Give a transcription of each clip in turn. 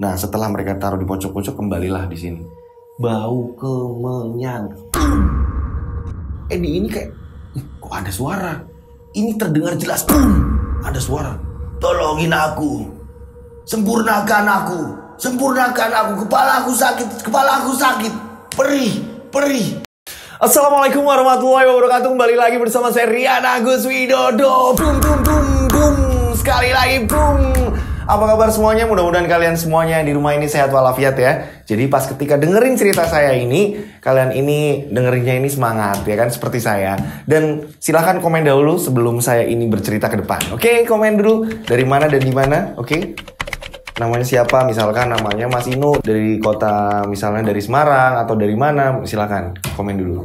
Nah, setelah mereka taruh di pojok-pojok, kembalilah di sini. Bau kemenyan. eh, ini kayak, kok ada suara? Ini terdengar jelas. Boom, ada suara. Tolongin aku. Sempurnakan aku. Sempurnakan aku. Kepala aku sakit. Kepala aku sakit. Perih. Perih. Assalamualaikum warahmatullahi wabarakatuh. Kembali lagi bersama saya Rian Agus Widodo. Boom, boom, boom, boom. Sekali lagi, boom. Apa kabar semuanya? Mudah-mudahan kalian semuanya di rumah ini sehat walafiat ya. Jadi pas ketika dengerin cerita saya ini, kalian ini dengerinnya ini semangat ya kan seperti saya. Dan silahkan komen dahulu sebelum saya ini bercerita ke depan. Oke, komen dulu dari mana dan di mana. Oke namanya siapa misalkan namanya Mas Inu dari kota misalnya dari Semarang atau dari mana Silahkan komen dulu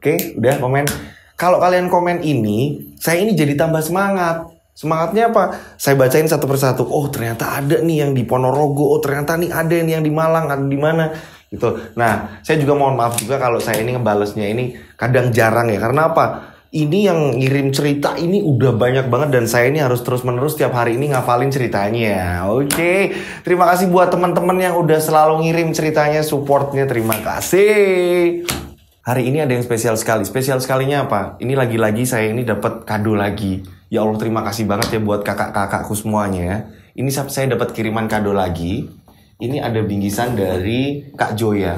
oke udah komen kalau kalian komen ini saya ini jadi tambah semangat Semangatnya apa? Saya bacain satu persatu. Oh ternyata ada nih yang di Ponorogo. Oh ternyata nih ada nih yang di Malang. Ada di mana? Gitu. Nah, saya juga mohon maaf juga kalau saya ini ngebalesnya ini kadang jarang ya. Karena apa? Ini yang ngirim cerita ini udah banyak banget dan saya ini harus terus menerus tiap hari ini ngafalin ceritanya. Oke, okay. terima kasih buat teman-teman yang udah selalu ngirim ceritanya, supportnya. Terima kasih. Hari ini ada yang spesial sekali. Spesial sekalinya apa? Ini lagi-lagi saya ini dapat kado lagi Ya Allah terima kasih banget ya buat kakak-kakakku semuanya ya. Ini saya dapat kiriman kado lagi. Ini ada bingkisan dari Kak Joya.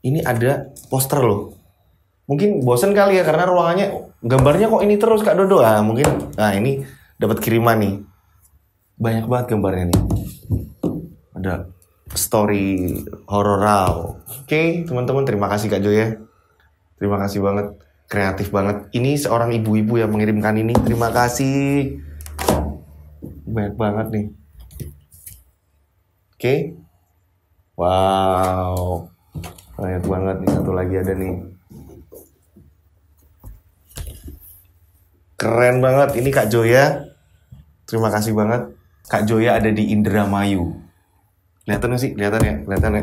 Ini ada poster loh. Mungkin bosen kali ya karena ruangannya gambarnya kok ini terus Kak Dodo. Ah, mungkin nah ini dapat kiriman nih. Banyak banget gambarnya nih. Ada story horror ah, Oke, okay, teman-teman terima kasih Kak Joya. Terima kasih banget kreatif banget. Ini seorang ibu-ibu yang mengirimkan ini. Terima kasih. Banyak banget nih. Oke. Okay. Wow. Banyak banget nih satu lagi ada nih. Keren banget ini Kak Joya. Terima kasih banget. Kak Joya ada di Indramayu. Kelihatan gak sih? Kelihatan ya? Kelihatan ya?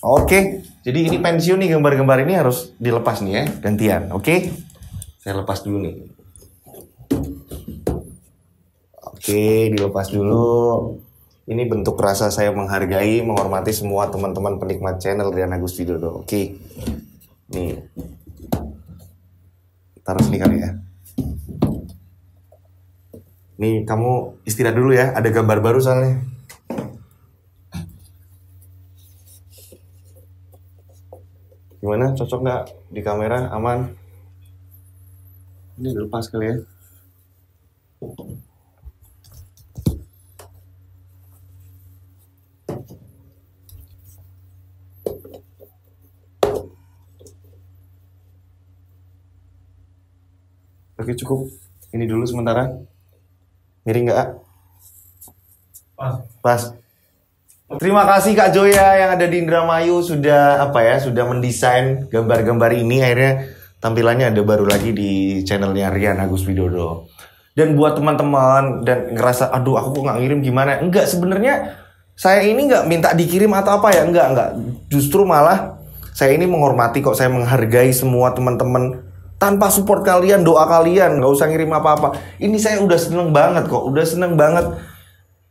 Oke, jadi ini pensiun nih gambar-gambar ini harus dilepas nih ya, gantian. Oke, saya lepas dulu nih. Oke, dilepas dulu. Ini bentuk rasa saya menghargai, menghormati semua teman-teman penikmat channel Rian Agus Widodo. Oke, nih taruh sini kali ya. Nih kamu istirahat dulu ya, ada gambar baru soalnya. gimana cocok nggak di kamera aman ini lepas kali ya Oke cukup ini dulu sementara miring nggak pas pas Terima kasih Kak Joya yang ada di Indramayu sudah apa ya sudah mendesain gambar-gambar ini akhirnya tampilannya ada baru lagi di channelnya Rian Agus Widodo. Dan buat teman-teman dan ngerasa aduh aku kok nggak ngirim gimana? Enggak sebenarnya saya ini nggak minta dikirim atau apa ya enggak enggak justru malah saya ini menghormati kok saya menghargai semua teman-teman tanpa support kalian doa kalian nggak usah ngirim apa-apa ini saya udah seneng banget kok udah seneng banget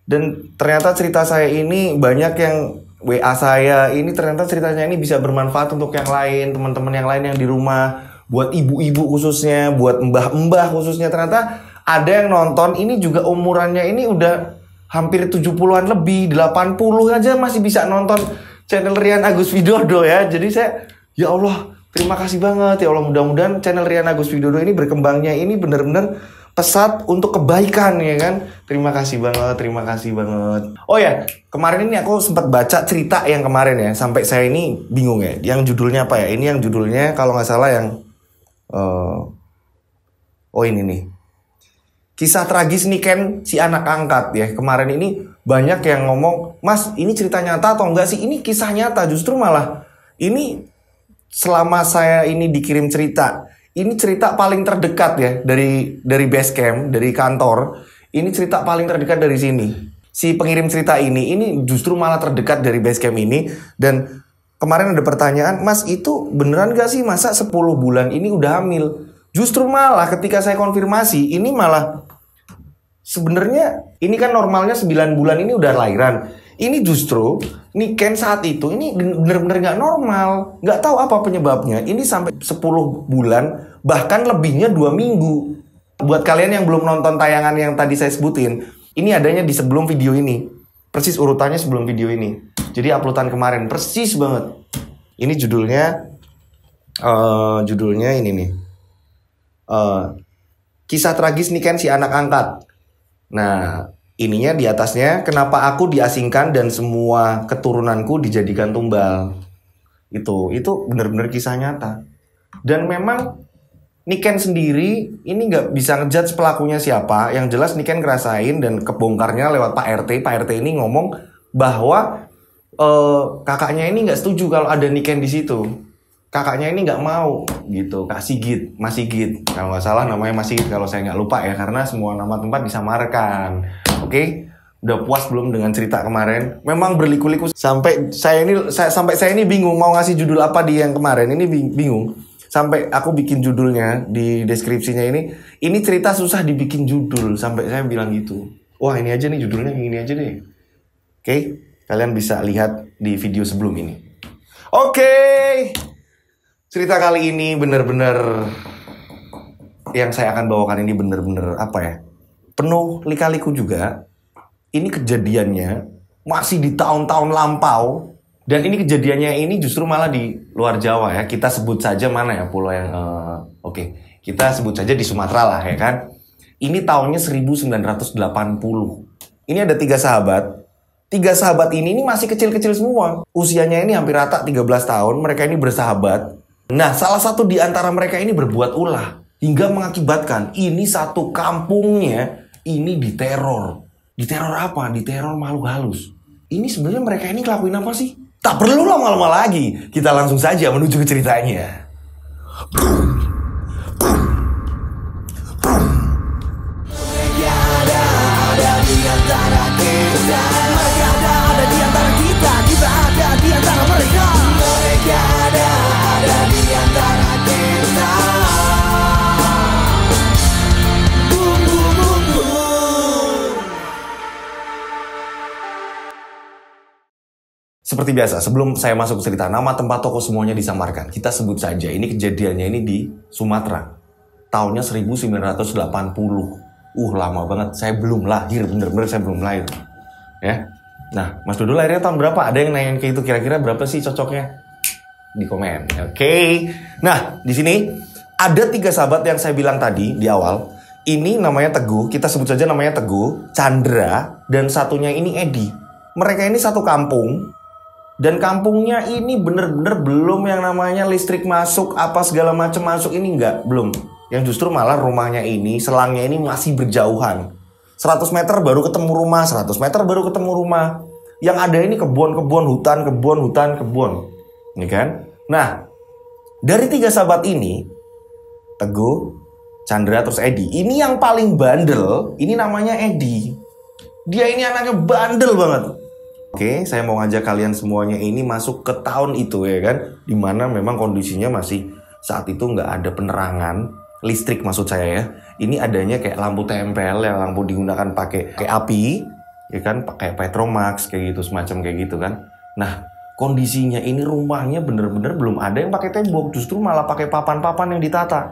dan ternyata cerita saya ini banyak yang WA saya ini ternyata ceritanya ini bisa bermanfaat untuk yang lain, teman-teman yang lain yang di rumah, buat ibu-ibu khususnya, buat mbah-mbah khususnya ternyata ada yang nonton ini juga umurannya ini udah hampir 70-an lebih, 80 aja masih bisa nonton channel Rian Agus Widodo ya. Jadi saya ya Allah, terima kasih banget ya Allah mudah-mudahan channel Rian Agus Widodo ini berkembangnya ini bener-bener pesat untuk kebaikan ya kan. Terima kasih banget, terima kasih banget. Oh ya, kemarin ini aku sempat baca cerita yang kemarin ya, sampai saya ini bingung ya. Yang judulnya apa ya? Ini yang judulnya kalau nggak salah yang uh, oh ini nih. Kisah tragis nih Ken si anak angkat ya. Kemarin ini banyak yang ngomong, "Mas, ini cerita nyata atau enggak sih? Ini kisah nyata." Justru malah ini selama saya ini dikirim cerita ini cerita paling terdekat ya dari dari base camp, dari kantor. Ini cerita paling terdekat dari sini. Si pengirim cerita ini ini justru malah terdekat dari base camp ini dan kemarin ada pertanyaan, "Mas, itu beneran gak sih masa 10 bulan ini udah hamil?" Justru malah ketika saya konfirmasi, ini malah sebenarnya ini kan normalnya 9 bulan ini udah lahiran. Ini justru Niken saat itu ini benar-benar nggak normal, nggak tahu apa penyebabnya. Ini sampai 10 bulan bahkan lebihnya dua minggu. Buat kalian yang belum nonton tayangan yang tadi saya sebutin, ini adanya di sebelum video ini. Persis urutannya sebelum video ini. Jadi uploadan kemarin persis banget. Ini judulnya uh, judulnya ini nih. Uh, kisah tragis Niken si anak angkat. Nah, ininya di atasnya kenapa aku diasingkan dan semua keturunanku dijadikan tumbal itu itu benar-benar kisah nyata dan memang Niken sendiri ini nggak bisa ngejudge pelakunya siapa yang jelas Niken ngerasain dan kebongkarnya lewat Pak RT Pak RT ini ngomong bahwa uh, kakaknya ini nggak setuju kalau ada Niken di situ kakaknya ini nggak mau gitu Kak Sigit Mas Sigit kalau nggak salah namanya Mas Sigit kalau saya nggak lupa ya karena semua nama tempat disamarkan oke okay? udah puas belum dengan cerita kemarin? Memang berliku-liku sampai saya ini saya, sampai saya ini bingung mau ngasih judul apa di yang kemarin ini bingung. Sampai aku bikin judulnya di deskripsinya ini, ini cerita susah dibikin judul sampai saya bilang gitu. Wah, ini aja nih judulnya ini aja deh. Oke, okay? kalian bisa lihat di video sebelum ini. Oke. Okay. Cerita kali ini bener-bener yang saya akan bawakan ini bener-bener apa ya? penuh lika-liku juga. Ini kejadiannya masih di tahun-tahun lampau dan ini kejadiannya ini justru malah di luar Jawa ya. Kita sebut saja mana ya pulau yang uh, oke. Okay. Kita sebut saja di Sumatera lah ya kan. Ini tahunnya 1980. Ini ada tiga sahabat. Tiga sahabat ini, ini masih kecil-kecil semua. Usianya ini hampir rata 13 tahun. Mereka ini bersahabat. Nah, salah satu di antara mereka ini berbuat ulah hingga mengakibatkan ini satu kampungnya ini diteror. Diteror apa? Diteror makhluk halus. Ini sebenarnya mereka ini ngelakuin apa sih? Tak perlu lama-lama lagi. Kita langsung saja menuju ke ceritanya. Boom. Boom. Seperti biasa, sebelum saya masuk ke cerita, nama tempat toko semuanya disamarkan. Kita sebut saja, ini kejadiannya ini di Sumatera. Tahunnya 1980. Uh, lama banget. Saya belum lahir, bener-bener saya belum lahir. Ya. Nah, Mas Dodo lahirnya tahun berapa? Ada yang nanyain ke itu kira-kira berapa sih cocoknya? Di komen. Oke. Okay. Nah, di sini ada tiga sahabat yang saya bilang tadi di awal. Ini namanya Teguh, kita sebut saja namanya Teguh, Chandra, dan satunya ini Edi. Mereka ini satu kampung, dan kampungnya ini bener-bener belum yang namanya listrik masuk apa segala macam masuk ini enggak belum yang justru malah rumahnya ini selangnya ini masih berjauhan 100 meter baru ketemu rumah 100 meter baru ketemu rumah yang ada ini kebun-kebun hutan kebun hutan kebun ini kan nah dari tiga sahabat ini Teguh Chandra terus Edi ini yang paling bandel ini namanya Edi dia ini anaknya bandel banget Oke, saya mau ngajak kalian semuanya ini masuk ke tahun itu ya kan, dimana memang kondisinya masih saat itu nggak ada penerangan listrik maksud saya ya. Ini adanya kayak lampu tempel yang lampu digunakan pakai kayak api, ya kan, pakai petromax kayak gitu semacam kayak gitu kan. Nah, kondisinya ini rumahnya bener-bener belum ada yang pakai tembok, justru malah pakai papan-papan yang ditata.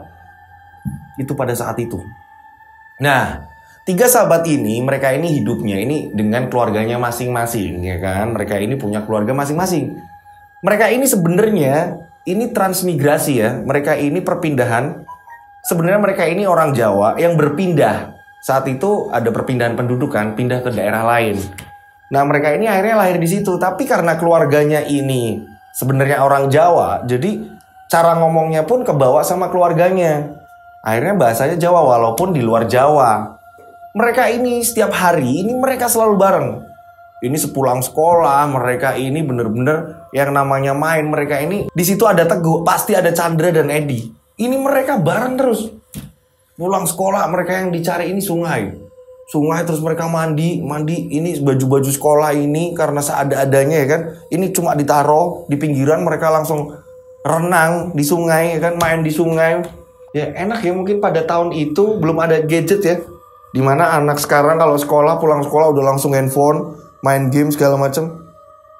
Itu pada saat itu. Nah, Tiga sahabat ini, mereka ini hidupnya ini dengan keluarganya masing-masing, ya kan? Mereka ini punya keluarga masing-masing. Mereka ini sebenarnya ini transmigrasi ya. Mereka ini perpindahan. Sebenarnya mereka ini orang Jawa yang berpindah. Saat itu ada perpindahan pendudukan, pindah ke daerah lain. Nah, mereka ini akhirnya lahir di situ, tapi karena keluarganya ini sebenarnya orang Jawa, jadi cara ngomongnya pun kebawa sama keluarganya. Akhirnya bahasanya Jawa walaupun di luar Jawa mereka ini setiap hari ini mereka selalu bareng. Ini sepulang sekolah, mereka ini bener-bener yang namanya main. Mereka ini di situ ada Teguh, pasti ada Chandra dan Edi. Ini mereka bareng terus. Pulang sekolah mereka yang dicari ini sungai. Sungai terus mereka mandi, mandi ini baju-baju sekolah ini karena seada-adanya ya kan. Ini cuma ditaruh di pinggiran mereka langsung renang di sungai ya kan, main di sungai. Ya enak ya mungkin pada tahun itu belum ada gadget ya Dimana anak sekarang kalau sekolah pulang sekolah udah langsung handphone, main game segala macem.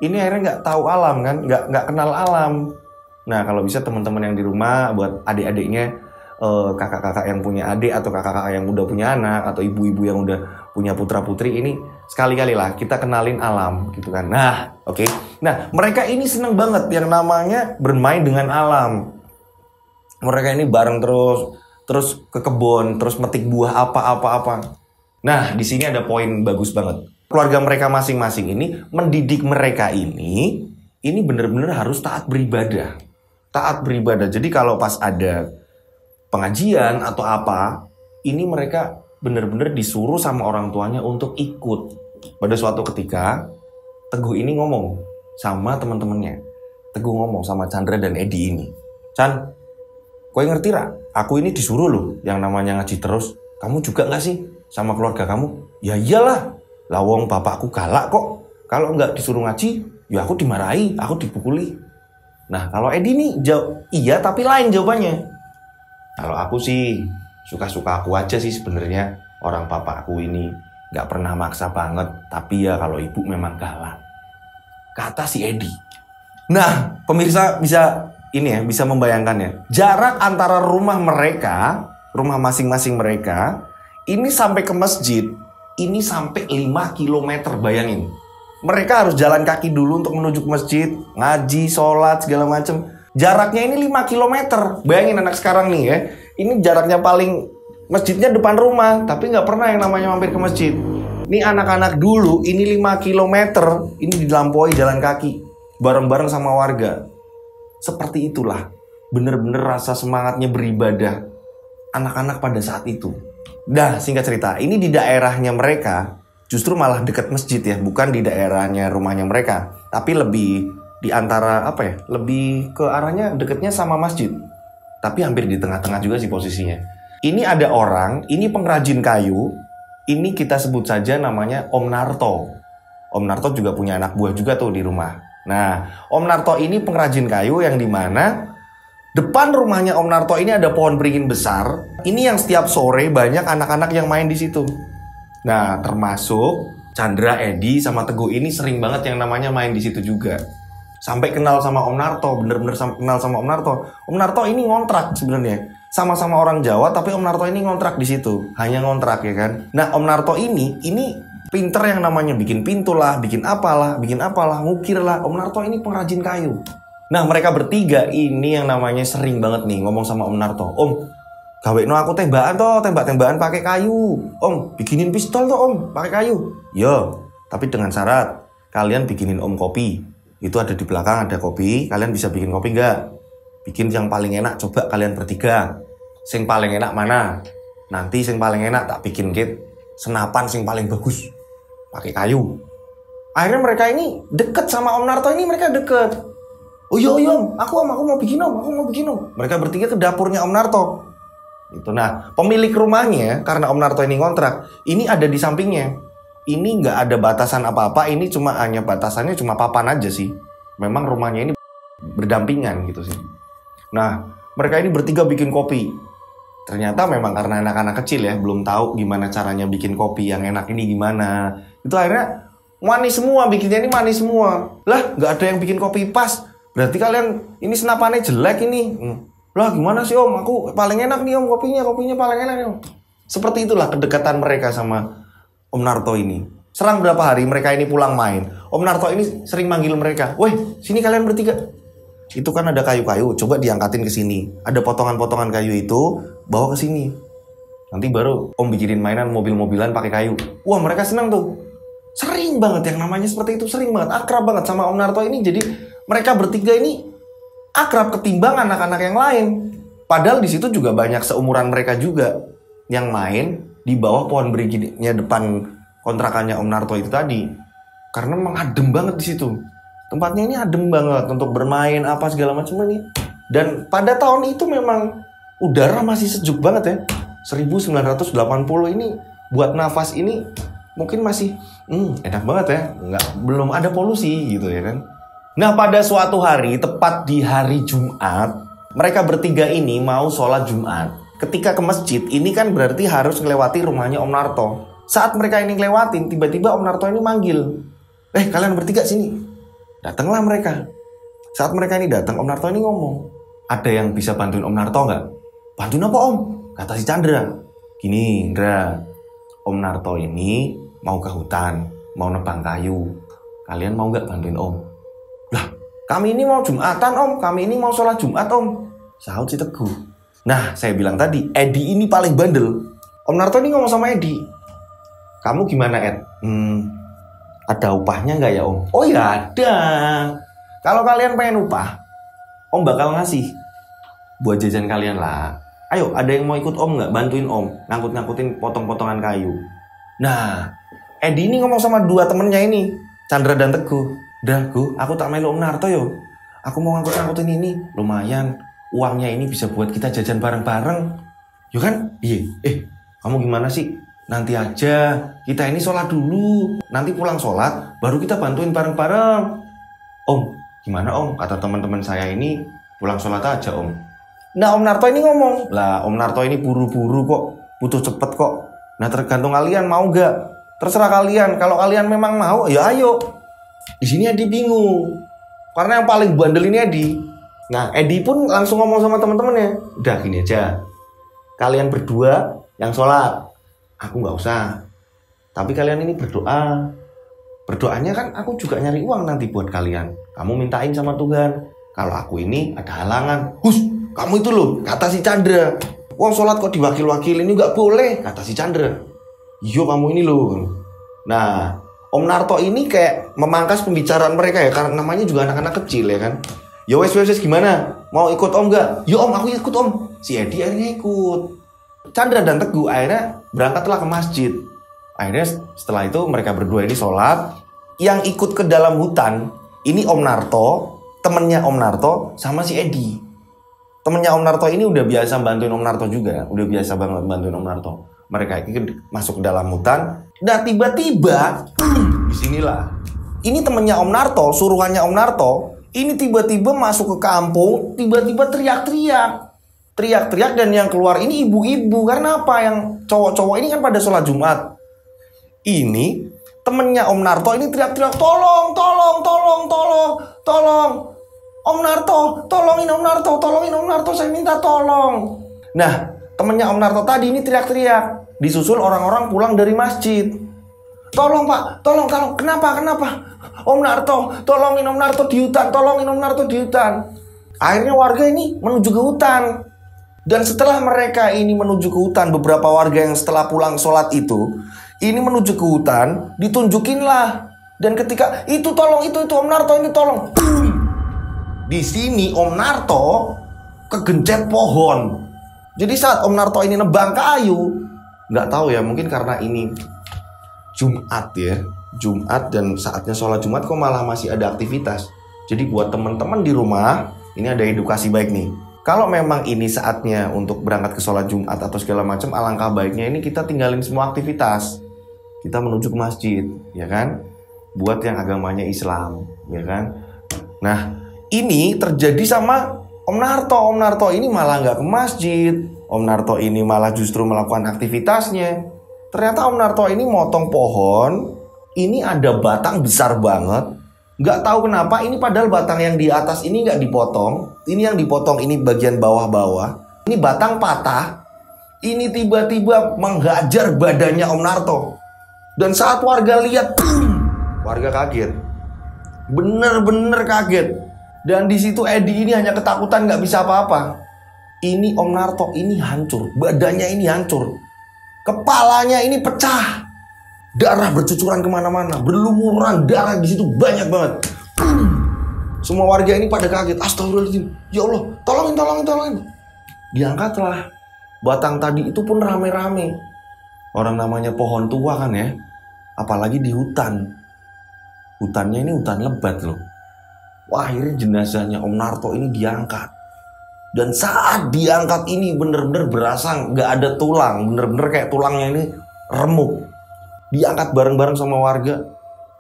Ini akhirnya nggak tahu alam kan, nggak nggak kenal alam. Nah kalau bisa teman-teman yang di rumah buat adik-adiknya, eh, kakak-kakak yang punya adik atau kakak-kakak yang udah punya anak atau ibu-ibu yang udah punya putra putri ini sekali-kali lah kita kenalin alam gitu kan. Nah oke, okay. nah mereka ini seneng banget yang namanya bermain dengan alam. Mereka ini bareng terus terus ke kebun, terus metik buah apa-apa-apa. Nah, di sini ada poin bagus banget. Keluarga mereka masing-masing ini mendidik mereka ini ini benar-benar harus taat beribadah. Taat beribadah. Jadi kalau pas ada pengajian atau apa, ini mereka benar-benar disuruh sama orang tuanya untuk ikut. Pada suatu ketika, Teguh ini ngomong sama teman-temannya. Teguh ngomong sama Chandra dan Edi ini. Chan, Kau ngerti ra? Aku ini disuruh loh yang namanya ngaji terus. Kamu juga nggak sih sama keluarga kamu? Ya iyalah. Lawong bapakku galak kok. Kalau nggak disuruh ngaji, ya aku dimarahi, aku dipukuli. Nah, kalau Edi nih jawab iya tapi lain jawabannya. Kalau aku sih suka-suka aku aja sih sebenarnya orang bapakku ini nggak pernah maksa banget. Tapi ya kalau ibu memang galak. Kata si Edi. Nah, pemirsa bisa ini ya bisa membayangkannya. Jarak antara rumah mereka, rumah masing-masing mereka, ini sampai ke masjid, ini sampai 5 km bayangin. Mereka harus jalan kaki dulu untuk menuju ke masjid, ngaji, sholat, segala macem Jaraknya ini 5 km. Bayangin anak sekarang nih ya. Ini jaraknya paling masjidnya depan rumah, tapi nggak pernah yang namanya mampir ke masjid. Ini anak-anak dulu, ini 5 km, ini dilampaui jalan kaki. Bareng-bareng sama warga seperti itulah bener-bener rasa semangatnya beribadah anak-anak pada saat itu. Dah, singkat cerita, ini di daerahnya mereka justru malah dekat masjid ya, bukan di daerahnya rumahnya mereka, tapi lebih di antara apa ya? Lebih ke arahnya deketnya sama masjid. Tapi hampir di tengah-tengah juga sih posisinya. Ini ada orang, ini pengrajin kayu, ini kita sebut saja namanya Om Narto. Om Narto juga punya anak buah juga tuh di rumah. Nah, Om Narto ini pengrajin kayu yang dimana depan rumahnya Om Narto ini ada pohon beringin besar. Ini yang setiap sore banyak anak-anak yang main di situ. Nah, termasuk Chandra, Edi, sama Teguh ini sering banget yang namanya main di situ juga. Sampai kenal sama Om Narto, bener-bener kenal sama Om Narto. Om Narto ini ngontrak sebenarnya. Sama-sama orang Jawa, tapi Om Narto ini ngontrak di situ. Hanya ngontrak ya kan. Nah, Om Narto ini, ini pinter yang namanya bikin pintu lah, bikin apalah, bikin apalah, ngukir lah. Om Narto ini pengrajin kayu. Nah mereka bertiga ini yang namanya sering banget nih ngomong sama Om Narto. Om, gawe no aku tembakan toh, tembak-tembakan pakai kayu. Om, bikinin pistol toh om, pakai kayu. Yo, tapi dengan syarat kalian bikinin om kopi. Itu ada di belakang ada kopi, kalian bisa bikin kopi nggak? Bikin yang paling enak coba kalian bertiga. Sing paling enak mana? Nanti sing paling enak tak bikin kit senapan sing paling bagus pakai kayu. Akhirnya mereka ini deket sama Om Narto ini mereka deket. Oh iya, oh iya aku om, aku mau bikin om, aku mau bikin om. Mereka bertiga ke dapurnya Om Narto. Itu. Nah, pemilik rumahnya karena Om Narto ini kontrak, ini ada di sampingnya. Ini nggak ada batasan apa-apa, ini cuma hanya batasannya cuma papan aja sih. Memang rumahnya ini berdampingan gitu sih. Nah, mereka ini bertiga bikin kopi ternyata memang karena anak-anak kecil ya belum tahu gimana caranya bikin kopi yang enak ini gimana itu akhirnya manis semua bikinnya ini manis semua lah nggak ada yang bikin kopi pas berarti kalian ini senapannya jelek ini hmm. lah gimana sih om aku paling enak nih om kopinya kopinya paling enak nih om seperti itulah kedekatan mereka sama Om Narto ini serang berapa hari mereka ini pulang main Om Narto ini sering manggil mereka weh sini kalian bertiga itu kan ada kayu-kayu, coba diangkatin ke sini. Ada potongan-potongan kayu itu, bawa ke sini. Nanti baru om bikinin mainan mobil-mobilan pakai kayu. Wah mereka senang tuh. Sering banget yang namanya seperti itu, sering banget. Akrab banget sama Om Narto ini, jadi mereka bertiga ini akrab ketimbang anak-anak yang lain. Padahal di situ juga banyak seumuran mereka juga yang main di bawah pohon beringinnya depan kontrakannya Om Narto itu tadi. Karena mengadem banget di situ tempatnya ini adem banget untuk bermain apa segala macam ini dan pada tahun itu memang udara masih sejuk banget ya 1980 ini buat nafas ini mungkin masih hmm, enak banget ya nggak belum ada polusi gitu ya kan nah pada suatu hari tepat di hari Jumat mereka bertiga ini mau sholat Jumat ketika ke masjid ini kan berarti harus ngelewati rumahnya Om Narto saat mereka ini ngelewatin tiba-tiba Om Narto ini manggil eh kalian bertiga sini Datanglah mereka. Saat mereka ini datang, Om Narto ini ngomong, ada yang bisa bantuin Om Narto nggak? Bantuin apa Om? Kata si Chandra. Gini, Indra, Om Narto ini mau ke hutan, mau nebang kayu. Kalian mau nggak bantuin Om? Lah, kami ini mau Jumatan Om, kami ini mau sholat Jumat Om. Sahut si Teguh. Nah, saya bilang tadi, Edi ini paling bandel. Om Narto ini ngomong sama Edi. Kamu gimana, Ed? Hmm, ada upahnya nggak ya om? Oh ya ada. Kalau kalian pengen upah, om bakal ngasih buat jajan kalian lah. Ayo, ada yang mau ikut om nggak? Bantuin om ngangkut-ngangkutin potong-potongan kayu. Nah, Edi ini ngomong sama dua temennya ini, Chandra dan Teguh. Dago, aku tak melu om Narto yo. Aku mau ngangkut-ngangkutin ini, lumayan. Uangnya ini bisa buat kita jajan bareng-bareng. Yo kan? Iya. Eh, kamu gimana sih? Nanti aja, kita ini sholat dulu. Nanti pulang sholat, baru kita bantuin bareng-bareng. Om, gimana om? Kata teman-teman saya ini, pulang sholat aja om. Nah om Narto ini ngomong. Lah om Narto ini buru-buru kok, butuh cepet kok. Nah tergantung kalian mau gak? Terserah kalian, kalau kalian memang mau, ya ayo. Di sini Edi bingung. Karena yang paling bandel ini Edi. Nah, Edi pun langsung ngomong sama teman-temannya. Udah gini aja. Kalian berdua yang sholat, aku nggak usah tapi kalian ini berdoa berdoanya kan aku juga nyari uang nanti buat kalian kamu mintain sama Tuhan kalau aku ini ada halangan hus kamu itu loh kata si Chandra uang sholat kok diwakil-wakil ini nggak boleh kata si Chandra yo iya, kamu ini loh nah Om Narto ini kayak memangkas pembicaraan mereka ya karena namanya juga anak-anak kecil ya kan Yo ya wes wes gimana mau ikut om nggak? Yo ya, om aku ikut om si Edi akhirnya ikut Chandra dan Teguh akhirnya berangkatlah ke masjid. Akhirnya setelah itu mereka berdua ini sholat. Yang ikut ke dalam hutan ini Om Narto, temennya Om Narto sama si Edi. Temennya Om Narto ini udah biasa bantuin Om Narto juga, udah biasa banget bantuin Om Narto. Mereka ini masuk ke dalam hutan dan nah, tiba-tiba disinilah. Ini temennya Om Narto, suruhannya Om Narto, ini tiba-tiba masuk ke kampung, tiba-tiba teriak-teriak teriak-teriak dan yang keluar ini ibu-ibu karena apa yang cowok-cowok ini kan pada sholat Jumat ini temennya Om Narto ini teriak-teriak tolong tolong tolong tolong tolong Om Narto tolongin Om Narto tolongin Om Narto saya minta tolong nah temennya Om Narto tadi ini teriak-teriak disusul orang-orang pulang dari masjid tolong pak tolong tolong kenapa kenapa Om Narto tolongin Om Narto di hutan tolongin Om Narto di hutan akhirnya warga ini menuju ke hutan dan setelah mereka ini menuju ke hutan, beberapa warga yang setelah pulang sholat itu, ini menuju ke hutan, ditunjukinlah. Dan ketika itu tolong itu itu Om Narto ini tolong. Di sini Om Narto kegencet pohon. Jadi saat Om Narto ini nebang kayu, nggak tahu ya mungkin karena ini Jumat ya, Jumat dan saatnya sholat Jumat kok malah masih ada aktivitas. Jadi buat teman-teman di rumah, ini ada edukasi baik nih kalau memang ini saatnya untuk berangkat ke sholat Jumat atau segala macam, alangkah baiknya ini kita tinggalin semua aktivitas. Kita menuju ke masjid, ya kan? Buat yang agamanya Islam, ya kan? Nah, ini terjadi sama Om Narto. Om Narto ini malah nggak ke masjid. Om Narto ini malah justru melakukan aktivitasnya. Ternyata Om Narto ini motong pohon. Ini ada batang besar banget nggak tahu kenapa ini padahal batang yang di atas ini nggak dipotong ini yang dipotong ini bagian bawah-bawah ini batang patah ini tiba-tiba menghajar badannya Om Narto dan saat warga lihat boom, warga kaget bener-bener kaget dan di situ Edi ini hanya ketakutan nggak bisa apa-apa ini Om Narto ini hancur badannya ini hancur kepalanya ini pecah Darah bercucuran kemana-mana, berlumuran darah di situ banyak banget. Semua warga ini pada kaget. Astagfirullahaladzim. Ya Allah, tolongin, tolongin, tolongin. Diangkatlah. Batang tadi itu pun rame-rame. Orang namanya pohon tua kan ya. Apalagi di hutan. Hutannya ini hutan lebat loh. Wah akhirnya jenazahnya Om Narto ini diangkat. Dan saat diangkat ini bener-bener berasa nggak ada tulang. Bener-bener kayak tulangnya ini remuk diangkat bareng-bareng sama warga.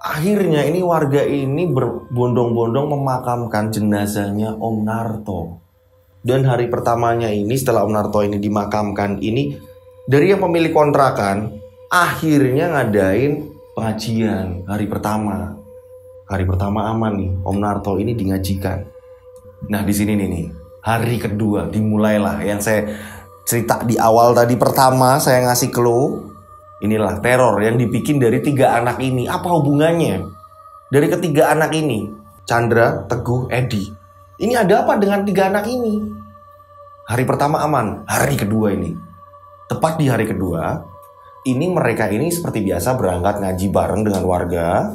Akhirnya ini warga ini berbondong-bondong memakamkan jenazahnya Om Narto. Dan hari pertamanya ini setelah Om Narto ini dimakamkan ini dari yang pemilik kontrakan akhirnya ngadain pengajian hari pertama. Hari pertama aman nih, Om Narto ini dingajikan. Nah di sini nih, nih hari kedua dimulailah yang saya cerita di awal tadi pertama saya ngasih clue Inilah teror yang dibikin dari tiga anak ini. Apa hubungannya? Dari ketiga anak ini, Chandra, Teguh, Edi. Ini ada apa dengan tiga anak ini? Hari pertama aman, hari kedua ini. Tepat di hari kedua, ini mereka ini seperti biasa berangkat ngaji bareng dengan warga.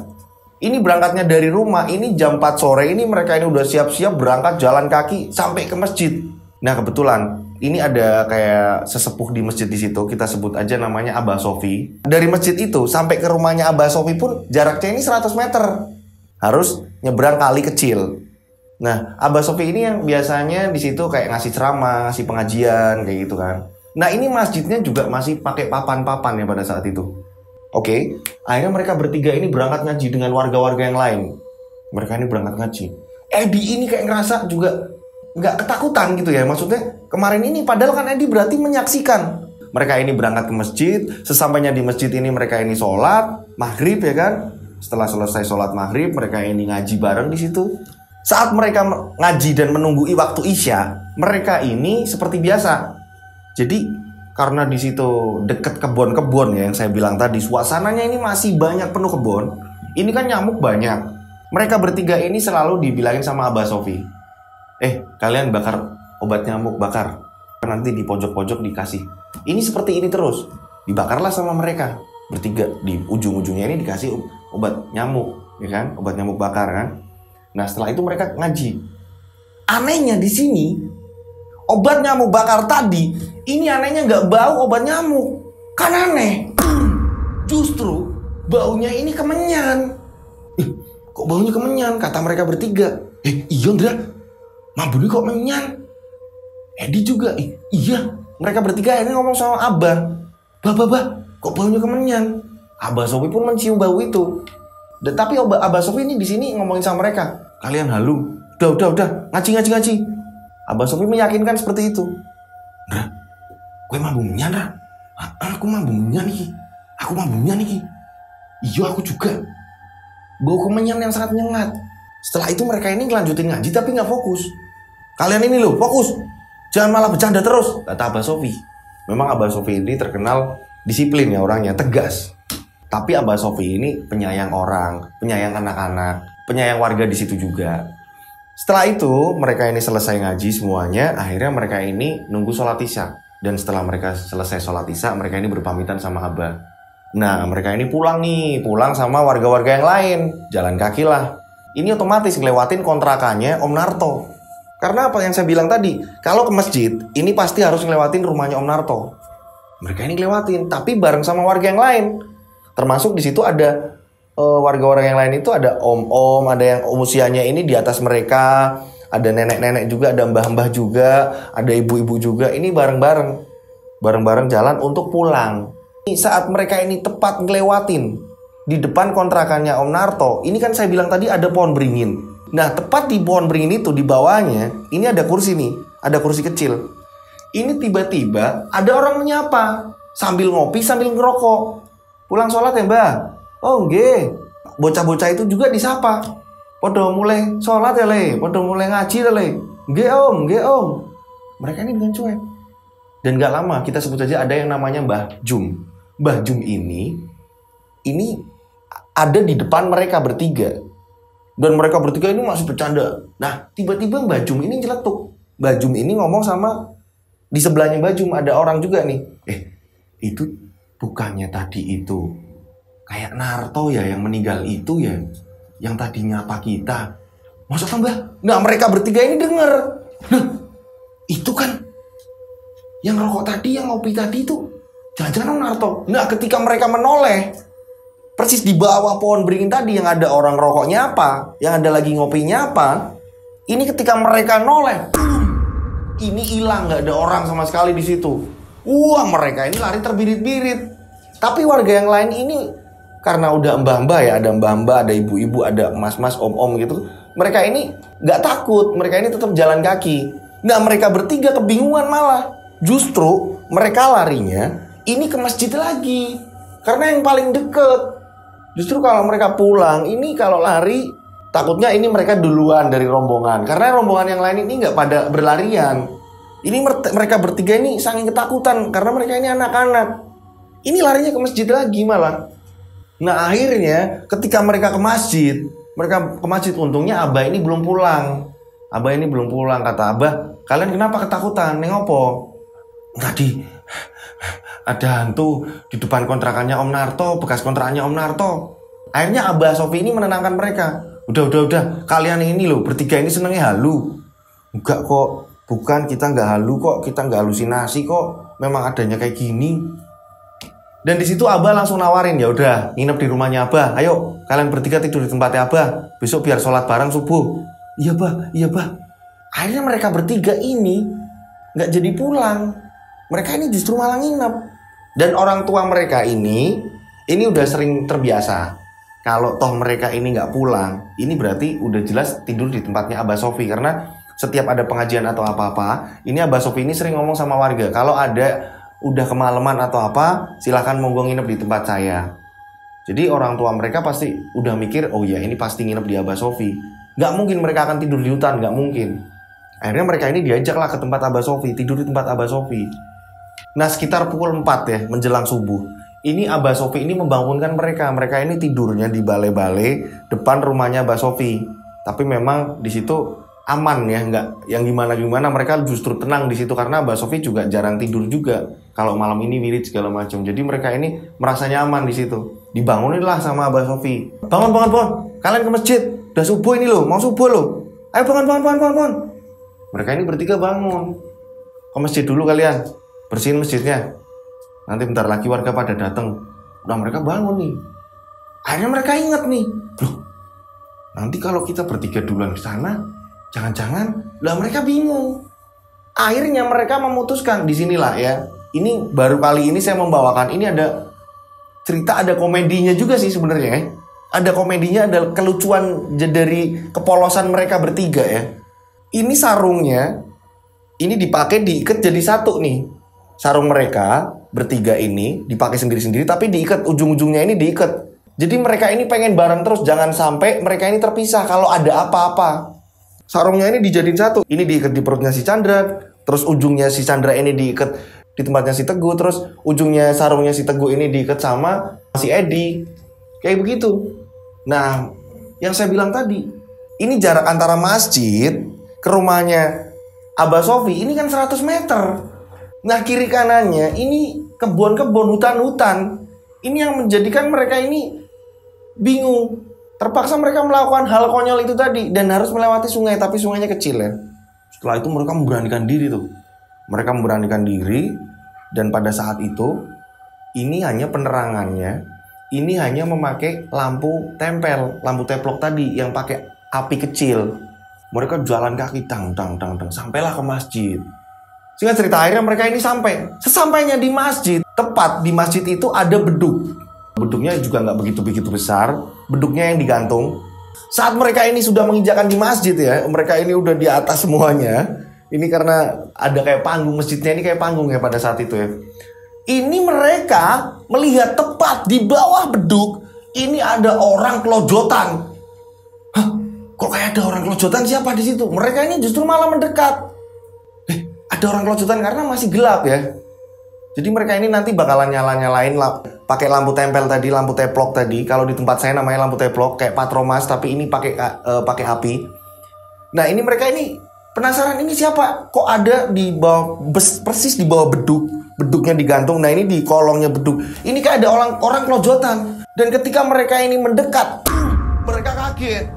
Ini berangkatnya dari rumah, ini jam 4 sore, ini mereka ini udah siap-siap berangkat jalan kaki sampai ke masjid. Nah kebetulan ini ada kayak sesepuh di masjid di situ kita sebut aja namanya Abah Sofi dari masjid itu sampai ke rumahnya Abah Sofi pun jaraknya ini 100 meter harus nyebrang kali kecil nah Abah Sofi ini yang biasanya di situ kayak ngasih ceramah ngasih pengajian kayak gitu kan nah ini masjidnya juga masih pakai papan-papan ya pada saat itu oke okay. akhirnya mereka bertiga ini berangkat ngaji dengan warga-warga yang lain mereka ini berangkat ngaji Edi eh, ini kayak ngerasa juga nggak ketakutan gitu ya maksudnya kemarin ini padahal kan Edi berarti menyaksikan mereka ini berangkat ke masjid sesampainya di masjid ini mereka ini sholat maghrib ya kan setelah selesai sholat maghrib mereka ini ngaji bareng di situ saat mereka ngaji dan menunggu waktu isya mereka ini seperti biasa jadi karena di situ deket kebun-kebun ya yang saya bilang tadi suasananya ini masih banyak penuh kebun ini kan nyamuk banyak mereka bertiga ini selalu dibilangin sama Abah Sofi eh kalian bakar obat nyamuk bakar nanti di pojok-pojok dikasih ini seperti ini terus dibakarlah sama mereka bertiga di ujung-ujungnya ini dikasih obat nyamuk ya kan obat nyamuk bakar kan nah setelah itu mereka ngaji anehnya di sini obat nyamuk bakar tadi ini anehnya nggak bau obat nyamuk kan aneh justru baunya ini kemenyan kok baunya kemenyan kata mereka bertiga eh iya Ndra Mam kok menyan? Edi juga, I iya. Mereka bertiga akhirnya ngomong sama Abah. Bah, bah, bah, kok baunya kemenyan? Abah Sofi pun mencium bau itu. Dan, tapi Abah, Abah Sofi ini di sini ngomongin sama mereka. Kalian halu. Udah, udah, udah. Ngaji, ngaji, ngaji. Abah Sofi meyakinkan seperti itu. Nah gue mampu menyan, Ndra. Ah, ah, aku mampu menyan nih. Aku mampu menyan nih. Iya, aku juga. Bau kemenyan yang sangat nyengat. Setelah itu mereka ini ngelanjutin ngaji tapi nggak fokus. Kalian ini loh, fokus. Jangan malah bercanda terus, kata Abah Sofi. Memang Abah Sofi ini terkenal disiplin ya orangnya, tegas. Tapi Abah Sofi ini penyayang orang, penyayang anak-anak, penyayang warga di situ juga. Setelah itu, mereka ini selesai ngaji semuanya, akhirnya mereka ini nunggu sholat isya. Dan setelah mereka selesai sholat isya, mereka ini berpamitan sama Abah. Nah, mereka ini pulang nih, pulang sama warga-warga yang lain. Jalan kaki lah. Ini otomatis ngelewatin kontrakannya Om Narto. Karena apa yang saya bilang tadi, kalau ke masjid, ini pasti harus ngelewatin rumahnya Om Narto. Mereka ini ngelewatin, tapi bareng sama warga yang lain. Termasuk di situ ada warga-warga eh, yang lain itu ada om-om, ada yang usianya ini di atas mereka, ada nenek-nenek juga, ada mbah-mbah juga, ada ibu-ibu juga. Ini bareng-bareng, bareng-bareng jalan untuk pulang. Ini saat mereka ini tepat ngelewatin di depan kontrakannya Om Narto, ini kan saya bilang tadi ada pohon beringin. Nah, tepat di pohon beringin itu di bawahnya, ini ada kursi nih, ada kursi kecil. Ini tiba-tiba ada orang menyapa sambil ngopi sambil ngerokok. Pulang sholat ya mbak? Oh enggak. Bocah-bocah itu juga disapa. Podo mulai sholat ya le, podo mulai ngaji ya le. Enggak om, enggak om. Mereka ini dengan cuek. Dan gak lama kita sebut saja ada yang namanya Mbah Jum. Mbah Jum ini, ini ada di depan mereka bertiga dan mereka bertiga ini masih bercanda. Nah, tiba-tiba Mbak Jum ini nyeletuk. Mbak Jum ini ngomong sama di sebelahnya Mbak Jum ada orang juga nih. Eh, itu bukannya tadi itu kayak Narto ya yang meninggal itu ya yang tadinya nyapa kita. Masa tambah? Nah mereka bertiga ini denger. Nah, itu kan yang rokok tadi, yang ngopi tadi itu jangan-jangan Narto. Nah ketika mereka menoleh, persis di bawah pohon beringin tadi yang ada orang rokoknya apa, yang ada lagi ngopinya apa. Ini ketika mereka noleh, ini hilang nggak ada orang sama sekali di situ. Wah mereka ini lari terbirit-birit. Tapi warga yang lain ini karena udah mbah-mbah ya, ada mbah-mbah, ada ibu-ibu, ada mas-mas, om-om gitu. Mereka ini nggak takut, mereka ini tetap jalan kaki. Nah mereka bertiga kebingungan malah. Justru mereka larinya ini ke masjid lagi. Karena yang paling deket Justru kalau mereka pulang, ini kalau lari takutnya ini mereka duluan dari rombongan karena rombongan yang lain ini nggak pada berlarian. Ini mereka bertiga ini saking ketakutan karena mereka ini anak-anak. Ini larinya ke masjid lagi malah. Nah akhirnya ketika mereka ke masjid, mereka ke masjid untungnya Abah ini belum pulang. Abah ini belum pulang kata Abah, kalian kenapa ketakutan? Nengopo? Tadi ada hantu di depan kontrakannya Om Narto, bekas kontrakannya Om Narto. Akhirnya Abah Sofi ini menenangkan mereka. Udah, udah, udah, kalian ini loh, bertiga ini senengnya halu. Enggak kok, bukan kita nggak halu kok, kita nggak halusinasi kok. Memang adanya kayak gini. Dan di situ Abah langsung nawarin, ya udah, nginep di rumahnya Abah. Ayo, kalian bertiga tidur di tempatnya Abah. Besok biar sholat bareng subuh. Iya bah, iya bah. Akhirnya mereka bertiga ini nggak jadi pulang. Mereka ini justru malah nginep. Dan orang tua mereka ini ini udah sering terbiasa. Kalau toh mereka ini nggak pulang, ini berarti udah jelas tidur di tempatnya Abah Sofi karena setiap ada pengajian atau apa-apa, ini Abah Sofi ini sering ngomong sama warga kalau ada udah kemalaman atau apa, silahkan monggo nginep di tempat saya. Jadi orang tua mereka pasti udah mikir, oh ya ini pasti nginep di Abah Sofi. Nggak mungkin mereka akan tidur di hutan, nggak mungkin. Akhirnya mereka ini diajaklah ke tempat Abah Sofi, tidur di tempat Abah Sofi. Nah sekitar pukul 4 ya menjelang subuh ini Abah Sofi ini membangunkan mereka. Mereka ini tidurnya di balai-balai depan rumahnya Abah Sofi. Tapi memang di situ aman ya, nggak yang gimana gimana. Mereka justru tenang di situ karena Abah Sofi juga jarang tidur juga. Kalau malam ini wirid segala macam. Jadi mereka ini merasa nyaman di situ. Dibangunilah sama Abah Sofi. Bangun, bangun, bangun. Kalian ke masjid. Udah subuh ini loh, mau subuh loh. Ayo bangun, bangun, bangun, bangun. Mereka ini bertiga bangun. Ke masjid dulu kalian bersihin masjidnya nanti bentar lagi warga pada datang udah mereka bangun nih akhirnya mereka ingat nih loh nanti kalau kita bertiga duluan ke sana jangan-jangan lah mereka bingung akhirnya mereka memutuskan disinilah ya ini baru kali ini saya membawakan ini ada cerita ada komedinya juga sih sebenarnya ya. ada komedinya ada kelucuan dari kepolosan mereka bertiga ya ini sarungnya ini dipakai diikat jadi satu nih sarung mereka bertiga ini dipakai sendiri-sendiri tapi diikat ujung-ujungnya ini diikat. Jadi mereka ini pengen bareng terus jangan sampai mereka ini terpisah kalau ada apa-apa. Sarungnya ini dijadiin satu. Ini diikat di perutnya si Chandra, terus ujungnya si Chandra ini diikat di tempatnya si Teguh, terus ujungnya sarungnya si Teguh ini diikat sama si Edi. Kayak begitu. Nah, yang saya bilang tadi, ini jarak antara masjid ke rumahnya Abah Sofi ini kan 100 meter. Nah kiri kanannya ini kebun-kebun hutan-hutan ini yang menjadikan mereka ini bingung. Terpaksa mereka melakukan hal konyol itu tadi dan harus melewati sungai tapi sungainya kecil ya. Setelah itu mereka memberanikan diri tuh. Mereka memberanikan diri dan pada saat itu ini hanya penerangannya ini hanya memakai lampu tempel, lampu teplok tadi yang pakai api kecil. Mereka jualan kaki tang tang tang tang sampailah ke masjid. Sehingga cerita akhirnya mereka ini sampai. Sesampainya di masjid, tepat di masjid itu ada beduk. Beduknya juga nggak begitu-begitu besar. Beduknya yang digantung. Saat mereka ini sudah menginjakan di masjid ya, mereka ini udah di atas semuanya. Ini karena ada kayak panggung masjidnya ini kayak panggung ya pada saat itu ya. Ini mereka melihat tepat di bawah beduk ini ada orang kelojotan. kok kayak ada orang kelojotan siapa di situ? Mereka ini justru malah mendekat ada orang kelojotan karena masih gelap ya. Jadi mereka ini nanti bakalan nyala-nyalain lap, pakai lampu tempel tadi, lampu teplok tadi. Kalau di tempat saya namanya lampu teplok kayak patromas tapi ini pakai uh, pakai api. Nah, ini mereka ini penasaran ini siapa? Kok ada di bawah bes, persis di bawah beduk, beduknya digantung. Nah, ini di kolongnya beduk. Ini kayak ada orang orang kelojotan. Dan ketika mereka ini mendekat, mereka kaget.